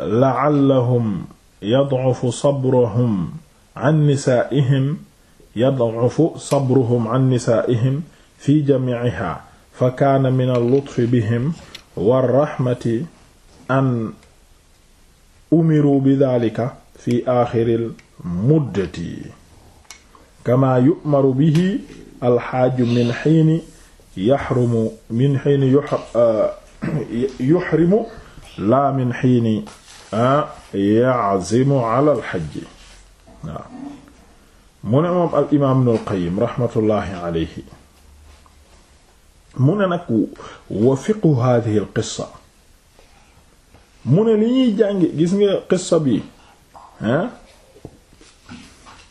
la'allahum yad'ufu sabruhum an nisaa'ihim yad'ufu sabruhum an nisaa'ihim fi jami'iha fa kaana min al-lutfi bihim war-rahmati an umiru bidhaalika fi aaxiril muddati kamaa yu'maru bihi al-haaju min hiini yaxrumu min xiini eh, yuxrimu laa min xiini eh, yazimu ala alxajji waaw mu ne moom al imaam ibnul qayyim raxmatullaahi alayhi mu ne nag wa fiqhu haadihi al qissa mu ne li ñuy jàngi gis nga qissa bi ah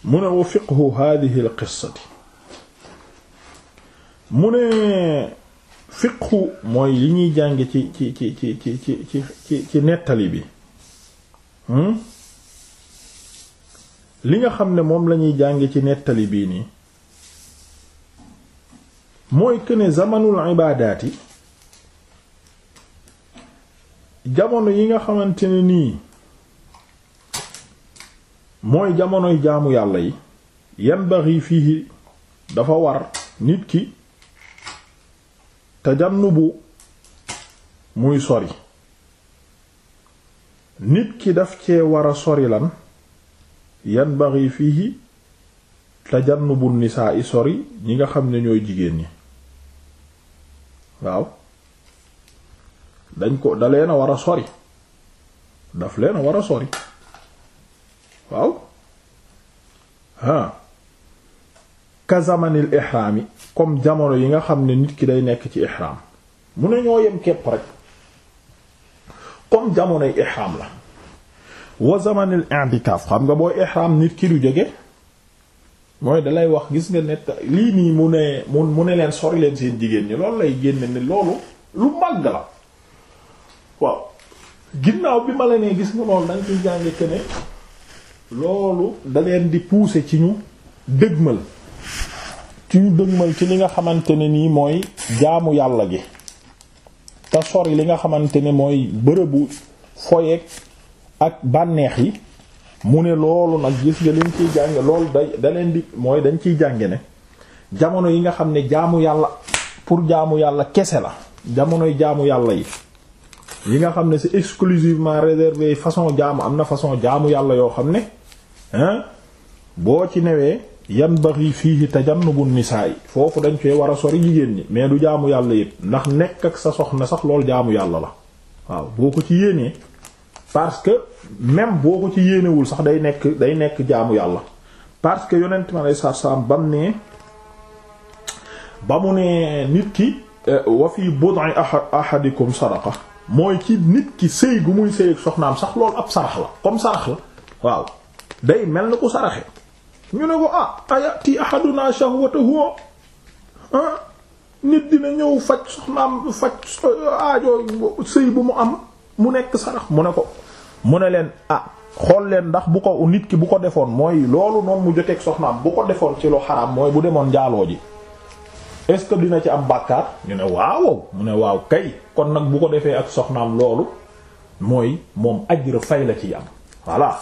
mu ne wa fiqhu haadihi al qissati mu ne fiqhu mooy li ñuy jànge ci ci ci ci ci ci ci ci nettali bi hmm? li nga xam ne moom lañuy ñuy jànge ci nettali bii nii mooy këne zamanul ibaadaati jamono yi nga xamante ne nii mooy jamonoy jaamu yàlla yi yanbaghi fihi dafa war nit ki tajannubu muy sori nit ki daf cee war a sori lan yan fii yanbaghi fihi tajannubu nisaa i sori ñi nga xam ne ñooy jigéen ñi waaw dañ ko da leen a war a sori daf leen a war a sori waaw ah ka zamanil ihraam yi comme jamono yi nga xam ne nit ki day nekk ci ihraam mu ne ñoo yem képp rek comme jamonoy ihraam la wa zamanil i'tikaaf xam nga booy ihraam nit ki du jóge mooy dalay wax gis nga ne lii nii mu ne mu ne leen sori leen seen jigéen ñi loolu lay génne ni loolu lu màgg la waaw ginnaaw bi ma la ne gis nga loolu danga ciy jànge que ne loolu da leen di puuse ci ñu dëgmal ci ñu dëgmal ci li nga xamante ne nii mooy jaamu yàlla gi te yi li nga xamante ne mooy bërëbu foyeeg ak bànneex yi mu ne loolu nag gis nga liñ ciy jànge loolu day da leen di mooy dañ ciy jànge ne jamono yi nga xam ne jaamu yàlla pour jaamu yàlla kese la jamonoy jaamu yàlla yi yi nga xam ne c'est exclusivement réservé façon jaamu am na façon jaamu yàlla yoo xam ne hein boo ci newee yanbaghi fiihi tajannubu nisaa foofu dañ koy war a sori jigéen ñi mais du jaamu yàlla yëpp ndax nekk ak sa soxna sax loolu jaamu yàlla la waaw boo ci yéenee parce que même boo ci yéenewul sax day nekk day nekk jaamu yàlla parce que yonent ma lay sarsam bam ne ba mu ne nit ki eh, wa fi bud'i ahadikum sadaqa mooy ci nit ki sëy gu muy sëy ak soxnaam sax loolu ab sarax la comme sarax la waaw day mel na ku saraxe ñu ne ko ah ayati ahaduna shahwatahu ah nit dina ñëw faj soxnaam faj eh, aajo sëy bu mu am mu nekk sarax mu ne ko mu ne leen ah xool leen ndax bu ko nit ki bu ko defoon mooy loolu noonu mu joteeg soxnaam bu ko defoon ci lu xaraam mooy bu demoon njaaloo ji est-ce que dina ci am bàkkaar ñu ne waaw mu ne waaw kay kon nag bu ko defee ak soxnaam loolu mooy moom ajra fay la ciy am voilà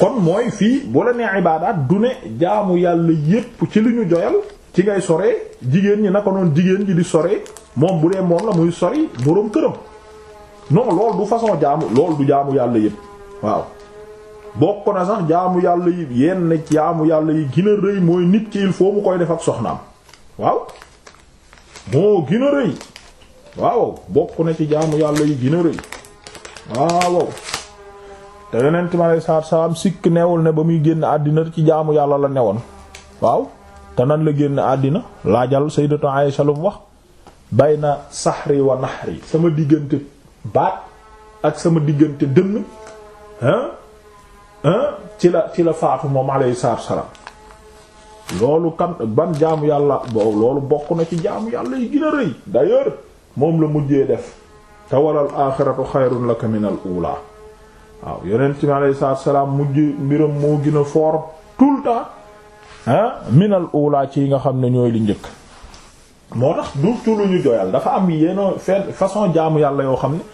kon mooy fii bu la nee ibaadaat du ne jaamu yàlla yépp ci li ñu joyal ci ngay soree jigéen ñi naka doon jigéen ñi di soree moom bu dee moom la muy sori boroom këram non loolu du façon jaamu loolu du jaamu yàlla yépp waaw bokk sax jaamu yàlla yi yenn jaamu yàlla yi gën a rëy mooy nit ki il faut mu koy def ak soxnaam waaw moo gën rëy waaw bokk na ci jaamu yàlla yi gën rëy waaw te yonent mi alayhi salaatu salaam sikk neewul ne ba muy génn àddina ci jaamu yàlla la newoon waaw te nan la génn àddina laajal sayyidatu Aisha lu mu wax bayna saxri wa naxri sama diggante baat ak sama diggante dënn hein hein ci la ci la faatu moom alayhi salaatu salaam loolu kan ban jaamu yàlla loolu bokk na ci jaamu yàlla yi gën a rëy d'ailleurs moom la mujjee def te walal aaxiratu xayrun laka minal uulaa waaw yonent bi alayhi salaam mujj mbiram moo gën foor fort tout le temps ah minal ula ci yi nga xam ne ñooy lu njëkk moo tax du ci lu ñu joyal dafa am yenn fenn façon jaamu yàlla yoo xam ne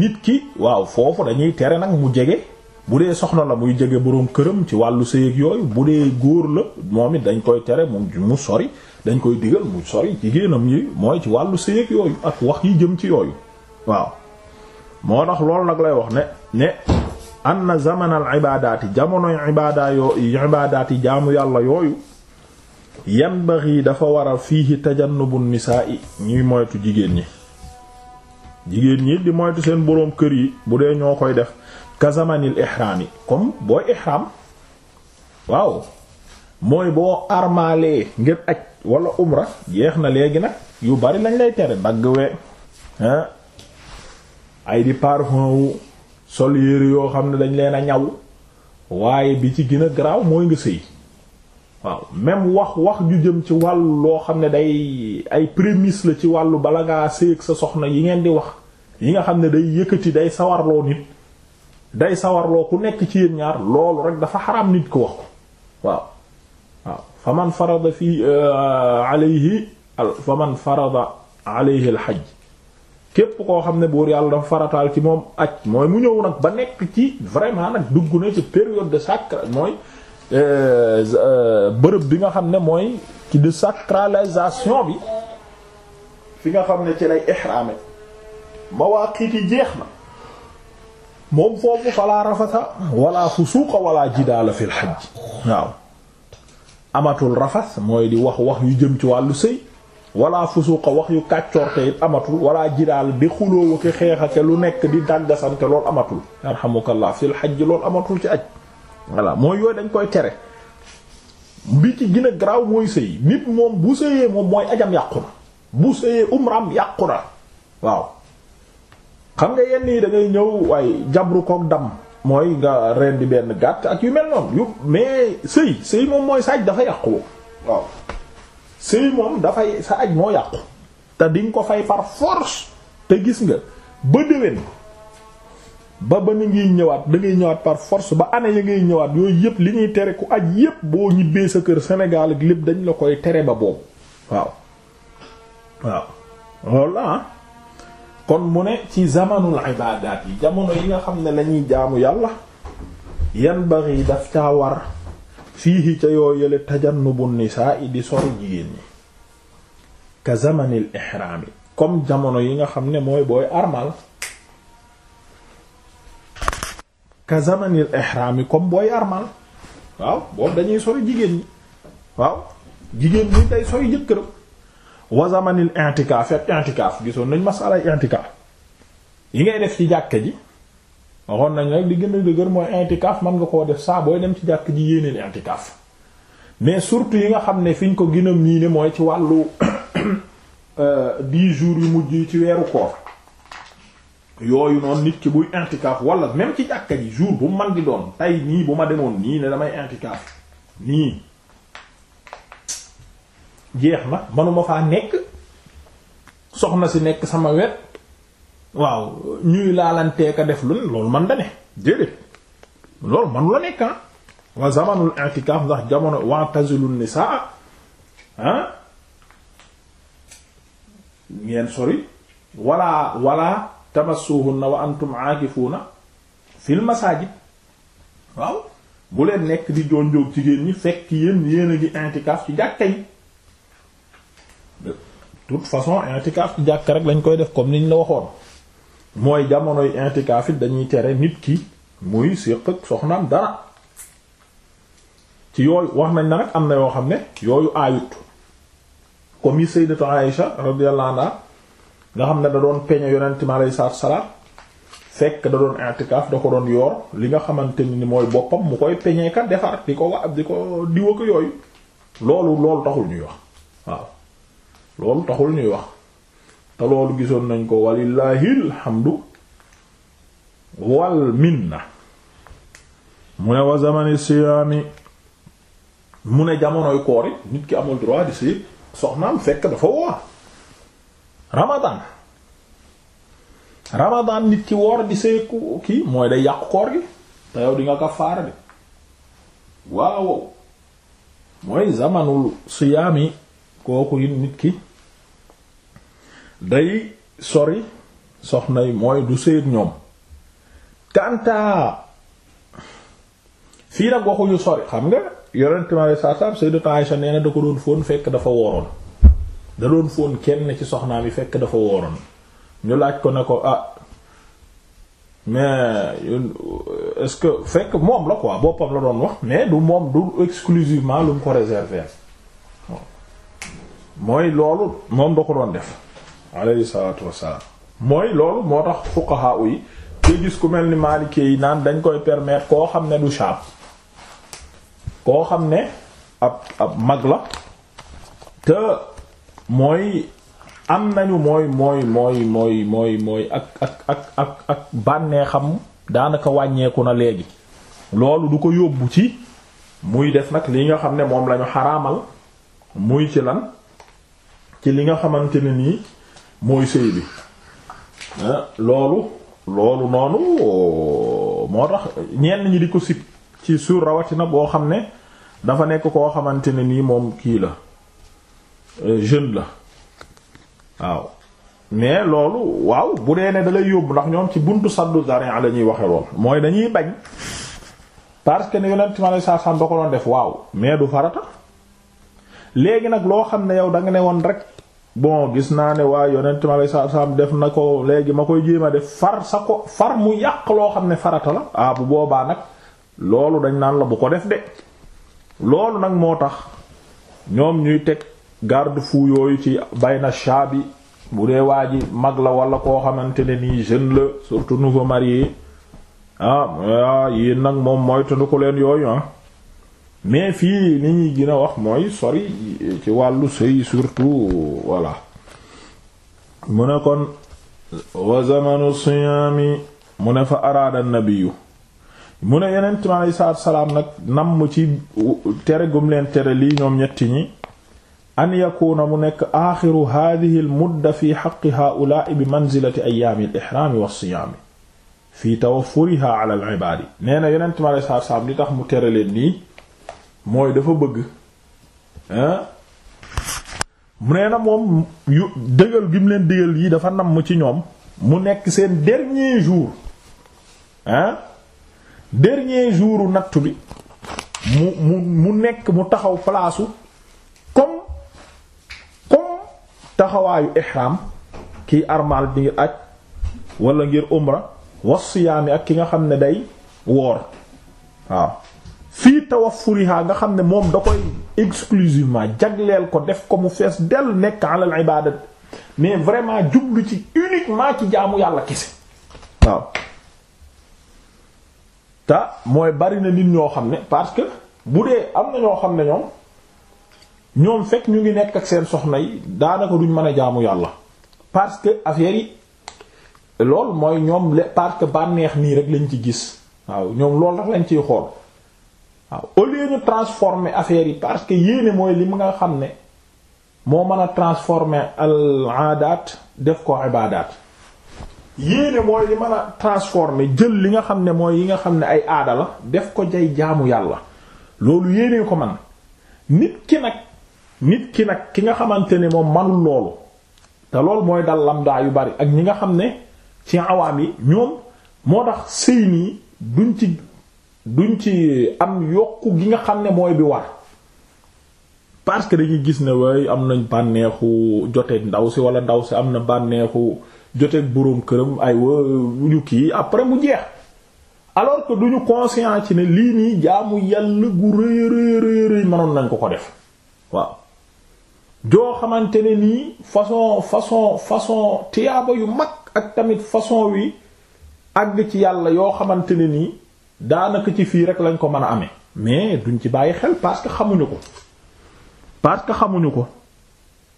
nit ki waaw foofu dañuy tere nag mu jege bu dee soxna la muy jege boroom këram ci wàllu sëyëg yooyu bu dee góor la moom it dañ koy tere mu sori dañ koy digal mu sori jigéenam yi mooy ci wàllu sëyëg yooyu ak wax yi jëm ci yooyu waaw moo tax loolu nag lay wax ne ne anna zamanal ibaadaati jamonoy ibaadaa yoo ibaadaati jaamu yàlla yooyu yan yanbaghi dafa war a fiihi tajannubu nisaa'i ñuy moytu jigéen ñi jigéen ñi di moytu seen boroom kër yi bu dee ñoo koy def ka zamanil ihraam yi comme booy ihraam waaw mooy boo armaalee ngir aj wala umra jeex na léegi nag yu bari lañ lay tere dagg we ay di parfum sol yére yoo xam ne dañ leen a ñaw waaye bi ci gën graaw mooy nga sëy waaw même wax wax ju jëm ci wàllu loo xam ne day ay prémisse la ci wàllu bala ngaa sëy ak sa soxna yi ngeen di wax yi nga xam ne day yëkkati day sawarloo nit day sawarloo ku nekk ci yéen ñaar loolu rek dafa xaram nit ko wax ko waaw waaw faman farada fi euh, alayhi faman farada alayhi al hajj képp koo xam ne buur yàlla dafa farataal ci moom aj mooy mu ñëw nag ba nekk ci vraiment nag dugg na ci période de sacre mooy euh, euh, bërëb bi nga xam ne mooy ci de sacralisation bi fi nga xam ne ci lay ihraame mawaqit yi jeex na moom foofu falaa rafasa wala fusuqa wala jidaala fil hajj waaw amatul rafas mooy di wax wax yu jëm ci wàllu sëy wala fusuqa wax yu kàccoorte it amatul wala jidaal di xuloo ak xeexa ak lu nekk di dàggasante loolu amatul yarhamukallah fil hajj loolu amatul ci aj voilà mooy yooyu dañ koy tere bi ci gina a garaaw mooy sëy nit moom bu sëyee moom mooy ajam yàqu na bu sëyee umram yàqu na waaw xam nga yenn yi da ñëw waaye jabru koog dam mooy nga rendi benn gàtt ak yu mel noonu yu mais sëy sëy moom mooy saaj dafa yàqu waaw sëy moom dafay sa aj moo yàqu te di ko fay par te gis nga ba déwén ba ba ni ngiy ñëwaat dangay ñëwaat par force ba année ya ngay ñëwaat yooyu yëpp li ñuy tere ku aj yépp boo ñibbee sa kër senegal ak lépp dañ la koy tere ba boobu waaw waaw ah. kon mu ne ci zamanul ibaadaat yi jamono yi nga xam ne lañuy jaamu yàlla yan bari daf caa war fiihi ca yoo yële tajannubu nisaa i di sori jigéen ñi ka zamanil ihraam yi comme jamono yi nga xam ne mooy booy armal ka zamanil ihraam yi comme booy armal waaw boobu dañuy sori jigéen ñi waaw jigéen ñi day sori jëkkëram wa zamanil intikaaf ak intikaaf gisoon nañ masalaay intikaaf yi ngay def ci jàkka ji waxoon nañ nag li gën a dëgër mooy intikaaf man nga koo def saa booy dem ci jàkk ji yéeneel intikaaf mais surtout yi nga xam ne fi ñu ko gën a miine mooy ci wàllu euh, dix jours yu mujj yi ci weeru koor yooyu noonu nit ki buy intikaaf wala même ci jàkka ji jour bu man di doon tey nii bu ma demoon nii ne damay intikaaf nii jeex na manuma faa nekk soxna si nekk sama wet waaw ñuy laalanteeka def lu ne loolu man da ne déedéet loolu man la nekk ah wa zamanul i'tikaf ndax jamono wa'tazilu nisaa ah ngeen sori wala wala tamassuhunna wa antum aakifuna fil masajid waaw bu leen nekk di jonjoog jigéen ñi fekk yéen yéen a ngi i'tikaf ci jàkka yi de façon i'tikaf ci jàkka rek lañ koy def comme niñ la waxoon mooy jamonoy intikaaf it dañuy tere nit ki muy séq ak soxnaam dara ci yooyu wax nañ na nag am na yoo xam ne yooyu aayut comme yi sayyidatu Aïsha radiyallahu anha nga xam ne da doon peñe yonent mi alayhi salaatu salaam fekk da doon intikaaf da ko doon yor li nga xamante ni mooy boppam mu koy peñee ka defar di ko wa di ko diwa ko yooyu loolu loolu taxul ñuy wax waaw loolu taxul ñuy wax te loolu gisoon nañ ko walillahil hamdu wal minna mu ne wa zamani siyaami mu ne jamonoy koor it nit ki amul droit di si soxnaam fekk dafa woor ramadan ramadan nit ki woor di seeku kii mooy day yàqu koor gi te yow di nga kafaara waaw mooy zamanul siyaami kooku nit ki day sori soxna yi mooy du séet ñoom kantaa fii nag waxuñu sori xam nga yonent mi alayhi salaatu salaam Sayyidatu Aisha nee na da ko doon fóon fekk dafa wooroon da doon fóon kenn ci soxnaam yi fekk dafa wooroon ñu laaj ko ne ko ah mais est-ce que fekk moom la ko wax boppam la doon wax mais du moom du exclusivement lu mu ko réserver mooy loolu moom da ko doon def alayhi salaatu wassalaam mooy loolu moo tax fuqaha yi te gis ku mel ni maalikee yi naan dañ koy permettre koo xam ne du shaab koo xam ne ab ab mag la te mooy am nañu mooy mooy mooy mooy mooy mooy ak ak ak ak ak bànnee xam daanaka wàññeeku na léegi loolu du ko yóbbu ci muy des nag li nga xam ne moom lañu xaraamal muy ci lan ci li nga xamante ne nii mooy sëy bi ah, loolu loolu noonu moo tax ñenn ñi di ko sib ci suur rawatina boo xam ne dafa nekk koo xamante ne nii moom kii la euh, jeune la waaw mais loolu waaw bu dee ne da yóbbu ndax ñoom ci buntu saddu zarin la ñuy waxe lool mooy dañuy bañ parce que ne yonent ma lay saa sam da ko doon def waaw mais du farata léegi nag loo xam ne yow danga ne woon rek bon gis naa ne waa yonent ma lay saa saam def na ko léegi ma koy jéem a def far sa ko far mu yàq loo xam ne farata la ah bu boobaa nag loolu dañ naan la bu ko def de loolu nag moo tax ñoom ñuy teg garde-fou yooyu ci bayna shaabi bu dee waa ji mag la wala koo xamante ne nii jeune la surtout nouveau marié ah, ah yéen nag moom moytu ko leen yooyu ah mais fii ni ñuy gën a wax mooy sori ci wàllu sëy surtout voilà mu ne kon wa zamanu siyaami mu ne fa araada nabiyu mu ne yeneen mi alei salaam nag namm ci tere gum leen tere lii ñoom ñetti ñi an yakuuna mu nekk aaxiru hadihi al mudda fi xaqi haulaai bi manzilati ayaami al ixraami wa siyaami fi tawafuriha ala al ibaadi nee li tax mu tere leen nii mooy dafa bëgg ah nee na moom yu dëgal gi mu leen dëgal yi dafa namm ci ñoom mu nekk seen dernier jour ah dernier jouru nattu bi mu mu mu nekk mu taxaw palaasu comme comme taxawaayu ihram kiy armal bi ngir aj wala ngir umra wasiyaami ak ki nga xam ne day woor waaw fii tawaffuriha nga xam ne moom da koy exclusivement jagleel ko def ko mu fees dell nekk alal ibadat mais vraiment jublu ci uniquement ci jaamu yàlla kese waaw te mooy bari na nit ñoo xam ne parce que bu dee am na ñoo xam ne ñoom ñoom fekk ñu ngi nekk ak seen soxna yi daanaka duñ mën a jaamu yàlla parce que affaire yi loolu mooy ñoom parce que bànneex nii rek lañ ci gis waaw ñoom loolu rek lañ ciy xool waaw au lieu de transformer yi parce que yéene mooy li mu nga xam ne moo mën a transformer al aadaat def ko ibaadaat mën a transformer jël li nga xam ne mooy yi nga xam ne ay aada def ko jay jaamu yàlla loolu yéene ko man nit ki nag nit ki nag ki nga xamante ne moom manul loolu te loolu mooy dal lamda yu bari ak ñi nga xam ne ci awaam yi ñoom moo tax sëy nii duñ ci duñ ci am yokk gi nga xam ne mooy bi war parce que dañuy gis ne waaye am nañ bànneexu joteeg ndaw si wala ndaw si am na bànneexu joteeg boroom këram ay wa ñu kii après mu jeex alors que duñu conscient ci ne lii nii jaamu yàlla gu rëy rëy rëy rëy nañ ko ko def waaw joo xamante ne nii façon façon façon tiyaaba yu mag ak tamit façon wi àgg ci yàlla yoo xamante ne nii daanaka ci fii rek lañ ko mën a amee mais duñ ci bàyyi xel parce que xamuñu ko parce que xamuñu ko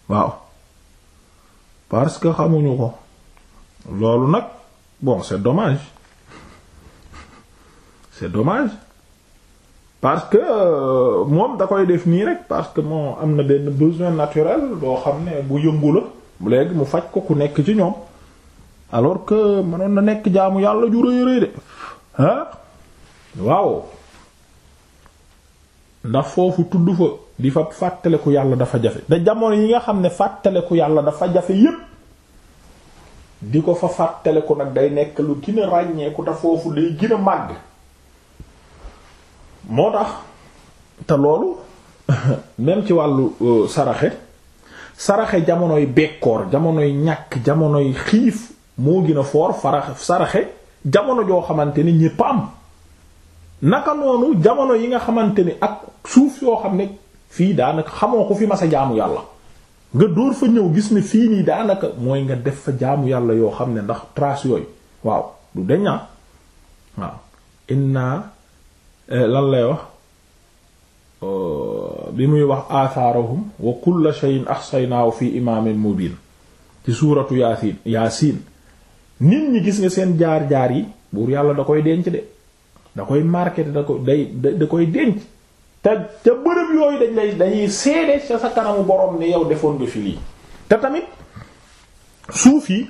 waaw parce que xamuñu ko loolu nag bon c'est dommage c'est dommage parce que euh, moom da koy def nii rek parce que moo am na benn besoin naturel loo xam ne bu yëngu la léegi mu faj ko ku nekk ci ñoom alors que mënoon na nekk jaamu yàlla ju rëy rëy de waaw ndax foofu tudd fa di fa fàttaleku yàlla dafa jafe da jamono yi nga xam ne fàttaleku yàlla dafa jafe yépp di ko fa fàttaleku nag day nekk lu gën ràññeeku te foofu day gën màgg moo tax te loolu même ci wàllu euh, saraxe saraxe jamonoy bekkoor jamonoy ñàkk jamonoy xiif moo gën a foor farax saraxe jamono joo xamante ni ñépp am naka noonu jamono yi nga xamante ni ak suuf yoo xam ne fii daanaka xamoo ko fi masa jaamu yàlla nga dóor fa ñëw gis ne fii nii daanaka mooy nga def fa jaamu yàlla yoo xam ne ndax trace yooyu waaw du deñaa ah. waaw inna eh, lan lay wax oh, bi muy wax athaarahum wa kulla shay'in ahsaynaahu fi imaamin mubin ci suuratu yaasin yaasiin nit ñi gis nga seen jaar jaar yi buur yàlla da koy denc de da koy marqué da ko day da koy denc te ca bërëb yooyu dañ lay dañuy seede sa sa kanamu borom ne yow defoon nga fi te tamit suuf yi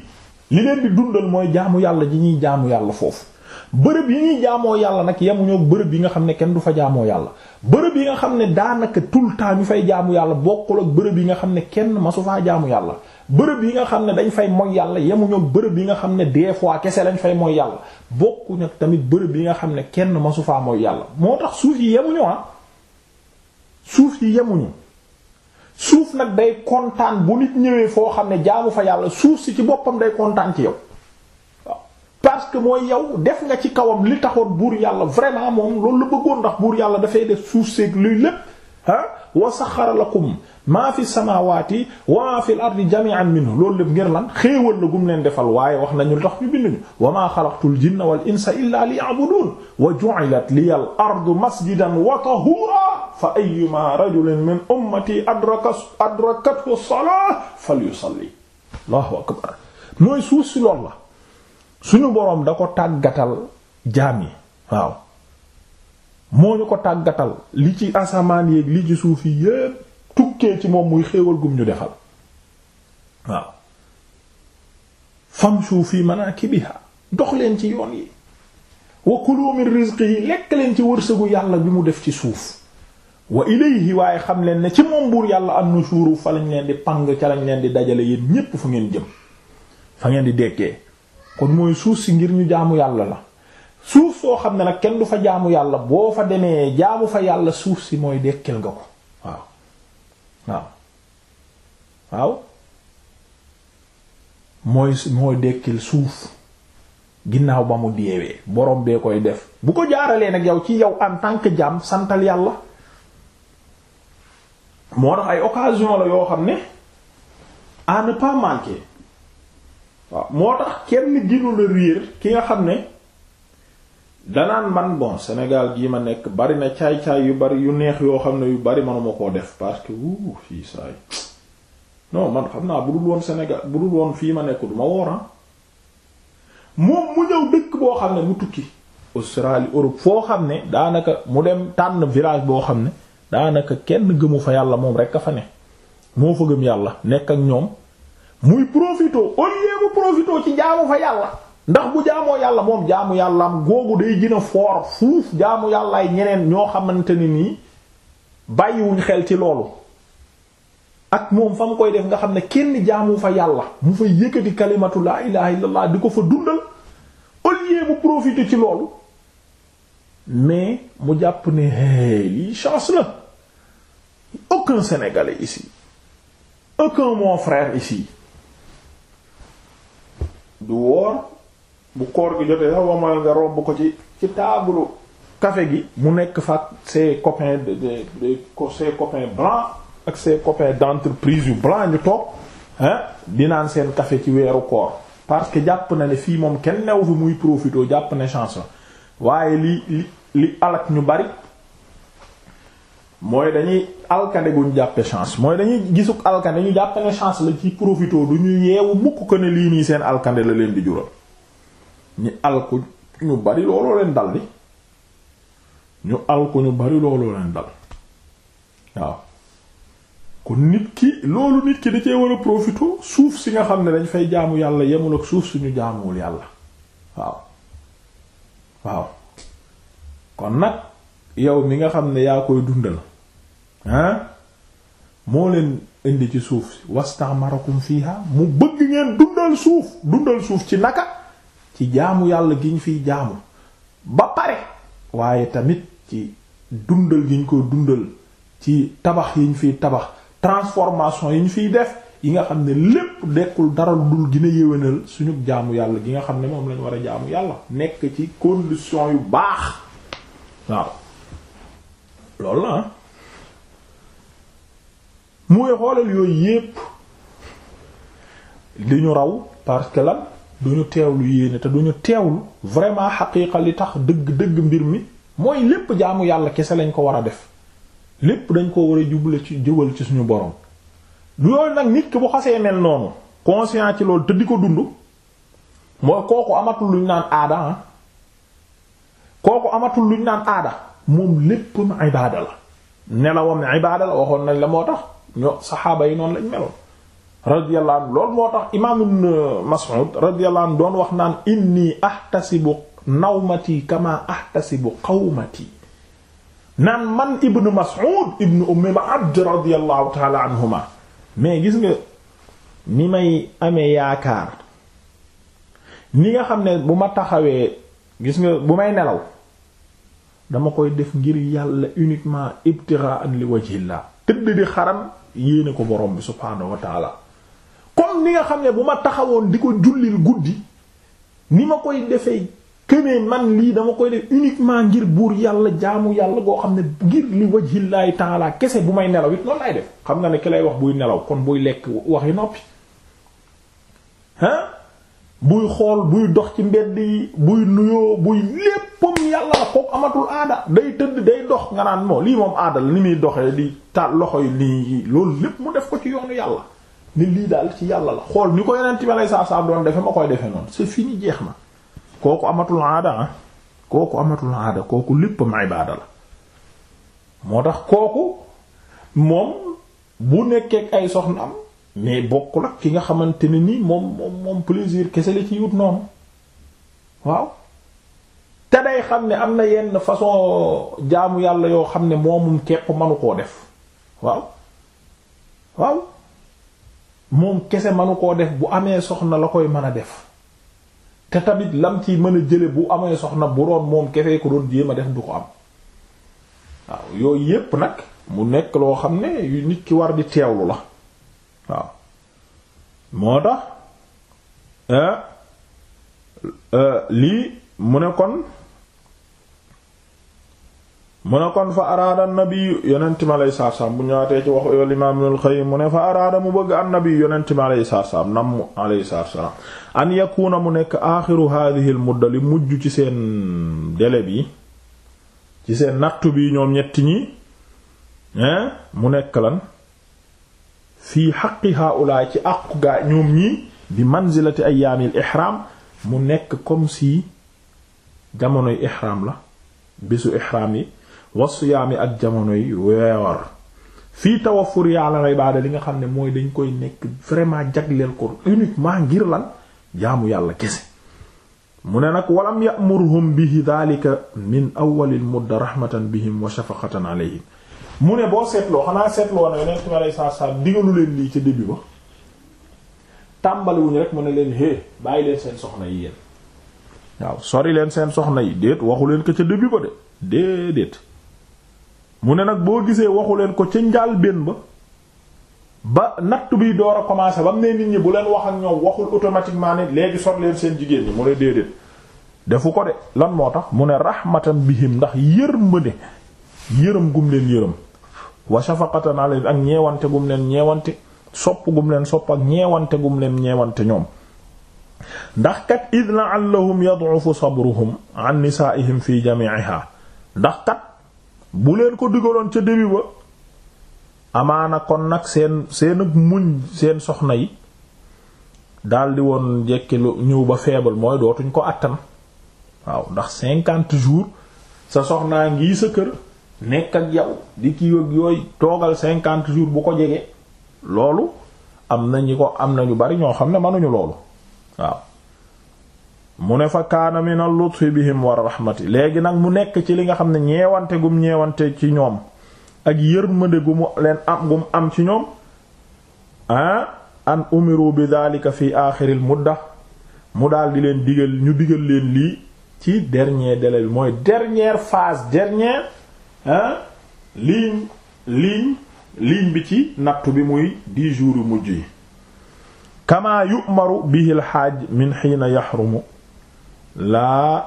li leen di dundal mooy jaamu yàlla ji ñuy jaamu yàlla foofu bërëb yi ñuy jaamoo yàlla nag yemuñoo bërëb yi nga xam ne kenn du fa jaamoo yàlla bërëb yi nga xam ne daanaka tout le temps ñu fay jaamu yàlla bokkul ak bërëb yi nga xam ne kenn masu faa jaamu yàlla bërëb yi nga xam ne dañ fay mooy yàlla yemu bërëb yi nga xam ne des fois kese lañ fay mooy yàlla bokku nag tamit bërëb yi nga xam ne kenn masu faa mooy yàlla moo tax suuf yi yemuñu ah suuf yi yemuñu suuf nag day kontaan bu ñëwee foo xam ne jaamu fa yàlla suuf si ci boppam day kontaan ci yow waaw parce que mooy yow def nga ci kawam li taxoon buur yàlla vraiment moom loolu la bëggoon ndax buur yàlla dafay def suuf seeg luy lépp ah wa saxara lakum maa fi samaawaati wa maa fil ardi jami'an minhu loolu lépp ngir lan xéewal la gum leen defal waaye wax nañu lu tax ñu bind ñu wa maa xalaqtul jinna wal insa illaa liya'buduun wa ju'ilat liyal ardu masjidan wa tahuuran suuf si lool la suñu boroom da ko tàggatal jaam yi waaw moo ñu ko tàggatal li ci asamaan yéeg li ci suuf yi yépp tukkee ci moom muy xéewal gum ñu defal waaw famshu fi manakibiha dox leen ci yoon yi wa kulu min rizqihi lekk leen ci wërsëgu yàlla bi mu def ci suuf wa ilayhi waaye xam leen ne ci moom buur yàlla am na suuru fa lañ leen di pang ca leen di dajale yéen ñépp fu ngeen jëm fa ngeen di dekkee kon mooy suuf si ngir ñu jaamu yàlla la suuf soo xam ne nag kenn du fa jaamu yàlla boo fa demee jaamu fa yàlla suuf si mooy dekkil nga ko waaw waaw mooy mooy dekkil suuf ginnaaw ba mu deewee borom bee koy def bu ko jaaralee nag yow ci yow en tant que jaam santal yàlla moo tax ay occasion la yoo xam ne à pas manquer waaw moo tax kenn ginu la réer ki nga xam ne danaan man bon Sénégal gii ma nekk bari na caay-caay yu bari yu neex yoo xam ne yu bari manuma koo def parce wuu fii saay non man xam naa bu dul woon Sénégal bu dul woon fii ma nekk du ma ah. moom mu ñëw dëkk boo xam ne mu tukki Australie Europe foo xam ne daanaka mu dem tànn village boo xam ne daanaka kenn gëmu fa yàlla moom rek a fa ne moo fa gëm yàlla nekk ak ñoom muy profitoo au lieu profitoo ci jaamu fa yàlla ndax bu jaamoo yàlla moom jaamu yàllaam googu day gën a fuuf jaamu yàllaay ñeneen ñoo xamante ni nii bàyyiwuñ xel ci loolu ak moom fa mu koy def nga xam ne kenn jaamu fa yàlla mu fa yëkkati kalimatu laa ilaha illallah di ko fa dundal au lieu profit profiter ci loolu mais mu jàpp ne hey lii chance la aucun sénégalais ici aucun mon frère ici du woor bu koor gi jotee sax wamal nga romb ko ci ci taabalu kafe gi mu nekk fa ses copains de de ses copains blancs ak ses copains d'entreprise yu blancs ñu toog hein di naan seen café ci weeru koor parce que jàpp na ne fii moom kenn new fi muy profité jàpp ne chance la waaye li li li alak ñu bari mooy dañuy alkande guñ jàppe chance mooy dañuy gisu alkande ñu jàpp ne chance la ci profité du ñu yeewu mukk ko ne lii nii seen alkande la leen di juróom ñu alku ñu bari looloo leen dal di ñu alku ñu bari looloo leen dal waaw kon nit ki loolu nit ki da cee war a profité suuf si nga xam ne dañ fay jaamu yàlla yemul ak suuf suñu jaamuwul yàlla waaw waaw kon nag yow mi nga xam ne yaa koy dundal ah moo leen indi ci suuf si wastamarakum fiha mu bëgg ngeen dundal suuf dundal suuf ci naka ci jaamu yàlla gi ñu fiy jaamu ba pare waaye tamit ci dundal gi ñu ko dundal ci tabax yi ñu fiy tabax transformation yi ñu fiy def yi nga xam ne lépp dekkul dara dul gën a yéwénal suñu jaamu yàlla gi nga xam ne moom lañ war a jaamu yàlla nekk ci condition yu baax waaw loolu la ah. mooy xoolal yooyu yépp li ñu raw parce duñu teewlu yéene te duñu teewlu vraiment xaqiiqa li tax dëgg dëgg mbir mi mooy lépp jaamu yàlla kese lañ ko war a def lépp dañ ko war a juble ci jubal ci suñu borom loolu nag nit ki bu xasee mel noonu conscient ci loolu te di ko dund mooy kooku amatul luñ naan aada ah kooku amatul luñ naan aada moom lépp léppam ibaada la nelawam ibaada la waxoon nañ la moo tax ñoo saxaaba yi noonu lañ meloon radiyallahu anhu loolu moo tax imaam ibn Mas'ud radiyallahu doon wax naan inni ahtasibu nawmati kama ahtasibu qawmati naan man ibn Mas'ud ibn Umm Abd radiyallahu ta'ala anhuma mais gis nga ni may ame yaakaar ni nga xam ne bu ma taxawee gis nga bu may nelaw dama koy def ngir yàlla uniquement ibtiraa an li wajhillah tëdd di xaram yéene ko borom bi subhaanahu wa comme ni nga xam ne bu ma taxawoon di ko jullil guddi ni ma koy defee kënee man lii dama koy def uniquement ngir buur yàlla jaamu yàlla goo xam ne ngir li wajhillaahi ta'ala kese bu may nelaw it noonu laay def xam nga ne ki lay wax buy nelaw kon buy lekk waxi noppi ah buy xool buy dox ci mbedd yi buy nuyoo buy léppam yàlla la kooku amatul aada day tëdd day dox nga naan moo lii moom aada la ni muy doxee di ta loxo yi nii loolu lépp mu def ko ci yoonu yàlla ne lii daal ci yàlla la xool ni ko yeneen tibe lay saa saa doon defe ma koy defe noonu c'est fini jeex na kooku amatul aada ah kooku amatul aada kooku léppam ibaada la moo tax kooku moom bu nekkee ay soxna am mais bokk ak ki nga xamante ne ni moom moom moom kese la ci wut noonu waaw te day xam ne am na yenn façon jaamu yàlla yoo xam ne moomum kepp manu koo def waaw waaw moom kese manu koo def bu amee soxna la koy mën a def te tamit lam ci mën a jële bu amee soxna bu doon moom kese ko doon jéem a def du ko am waaw yooyu yépp nag mu nekk loo xam ne yu nit ki war di teewlu la waaw moo tax eh, eh, lii mu ne kon mu ne bu ñëwaatee ci mu bëgg an nabiyu yonent mi alayhi salaatu salaam mu alayhi nekk mujj ci seen délai ci seen nattu bi ñoom ñetti ñi mu nekk lan fii xaqi haa'ulaa ci àqu gaa ñoom ñii bi manzilati ayyaamil ihraam mu nekk comme si jamonoy ihraam la bésu ihraam yi wasiyaami ak jamonoy weewar fii tawaffur yàlla ibaada li nga xam ne mooy dañ koy nekk vraiment jagleel ko uniquement ngir lan jaamu yàlla kese mu ne nag walam ya'murhum bihi dhalika min awwalil mudda rahmatan bihim wa shafaqatan alayhim mu boo seetloo xanaa seetloo na yonent lii ca début leen hé seen soxna yi yéen leen seen soxna yi déet waxu leen ko ca début ba mu ne nag boo gisee waxu leen ko ca njàlbéen ba ba natt biy door a commencé ba mu ne nit ñi bu leen wax ak ñoom waxul automatiquement ne léegi sot leen seen jigéen ñi mu ne déedéet defu ko de lan moo tax mu ne bi bihim ndax yërmande yërëm gum leen yërëm wa shafaqatan alayhim ak ñeewante gum leen ñeewante sopp gum leen sopp ak ñeewante gum leen ñeewante ñoom ndax kat id la'allahum yad'ufu sabruhum an nisaa'ihim fi jami'iha ndax kat bu leen ko digaloon ca début ba amaana kon nag seen seen ak muñ seen soxna yi daldi woon jekki lu ñëw ba faible mooy dootuñ ko àttan waaw ndax cinquante jours sa soxnaa ngi sa kër nekk ak yow di kii ak yooyu toogal cinquante jours bu ko jege loolu am na ñi ko am na ñu bari ñoo xam ne mënuñu loolu waaw mu ne fa kaana min al lutfi bihim wa rahmati léegi nag mu nekk ci li nga xam ne ñeewante gum ñeewante ci ñoom ak yërmande gu mu leen am am ci ñoom ah an umiru bi daalika fi aaxiril mudda mu daal di leen digal ñu digal leen lii ci dernier délai bi mooy dernière phase dernière ah ligne ligne bi ci nattu bi muy dix jours yu mujj yi kama yu'maru bihi al hajj min hiina yahrumu laa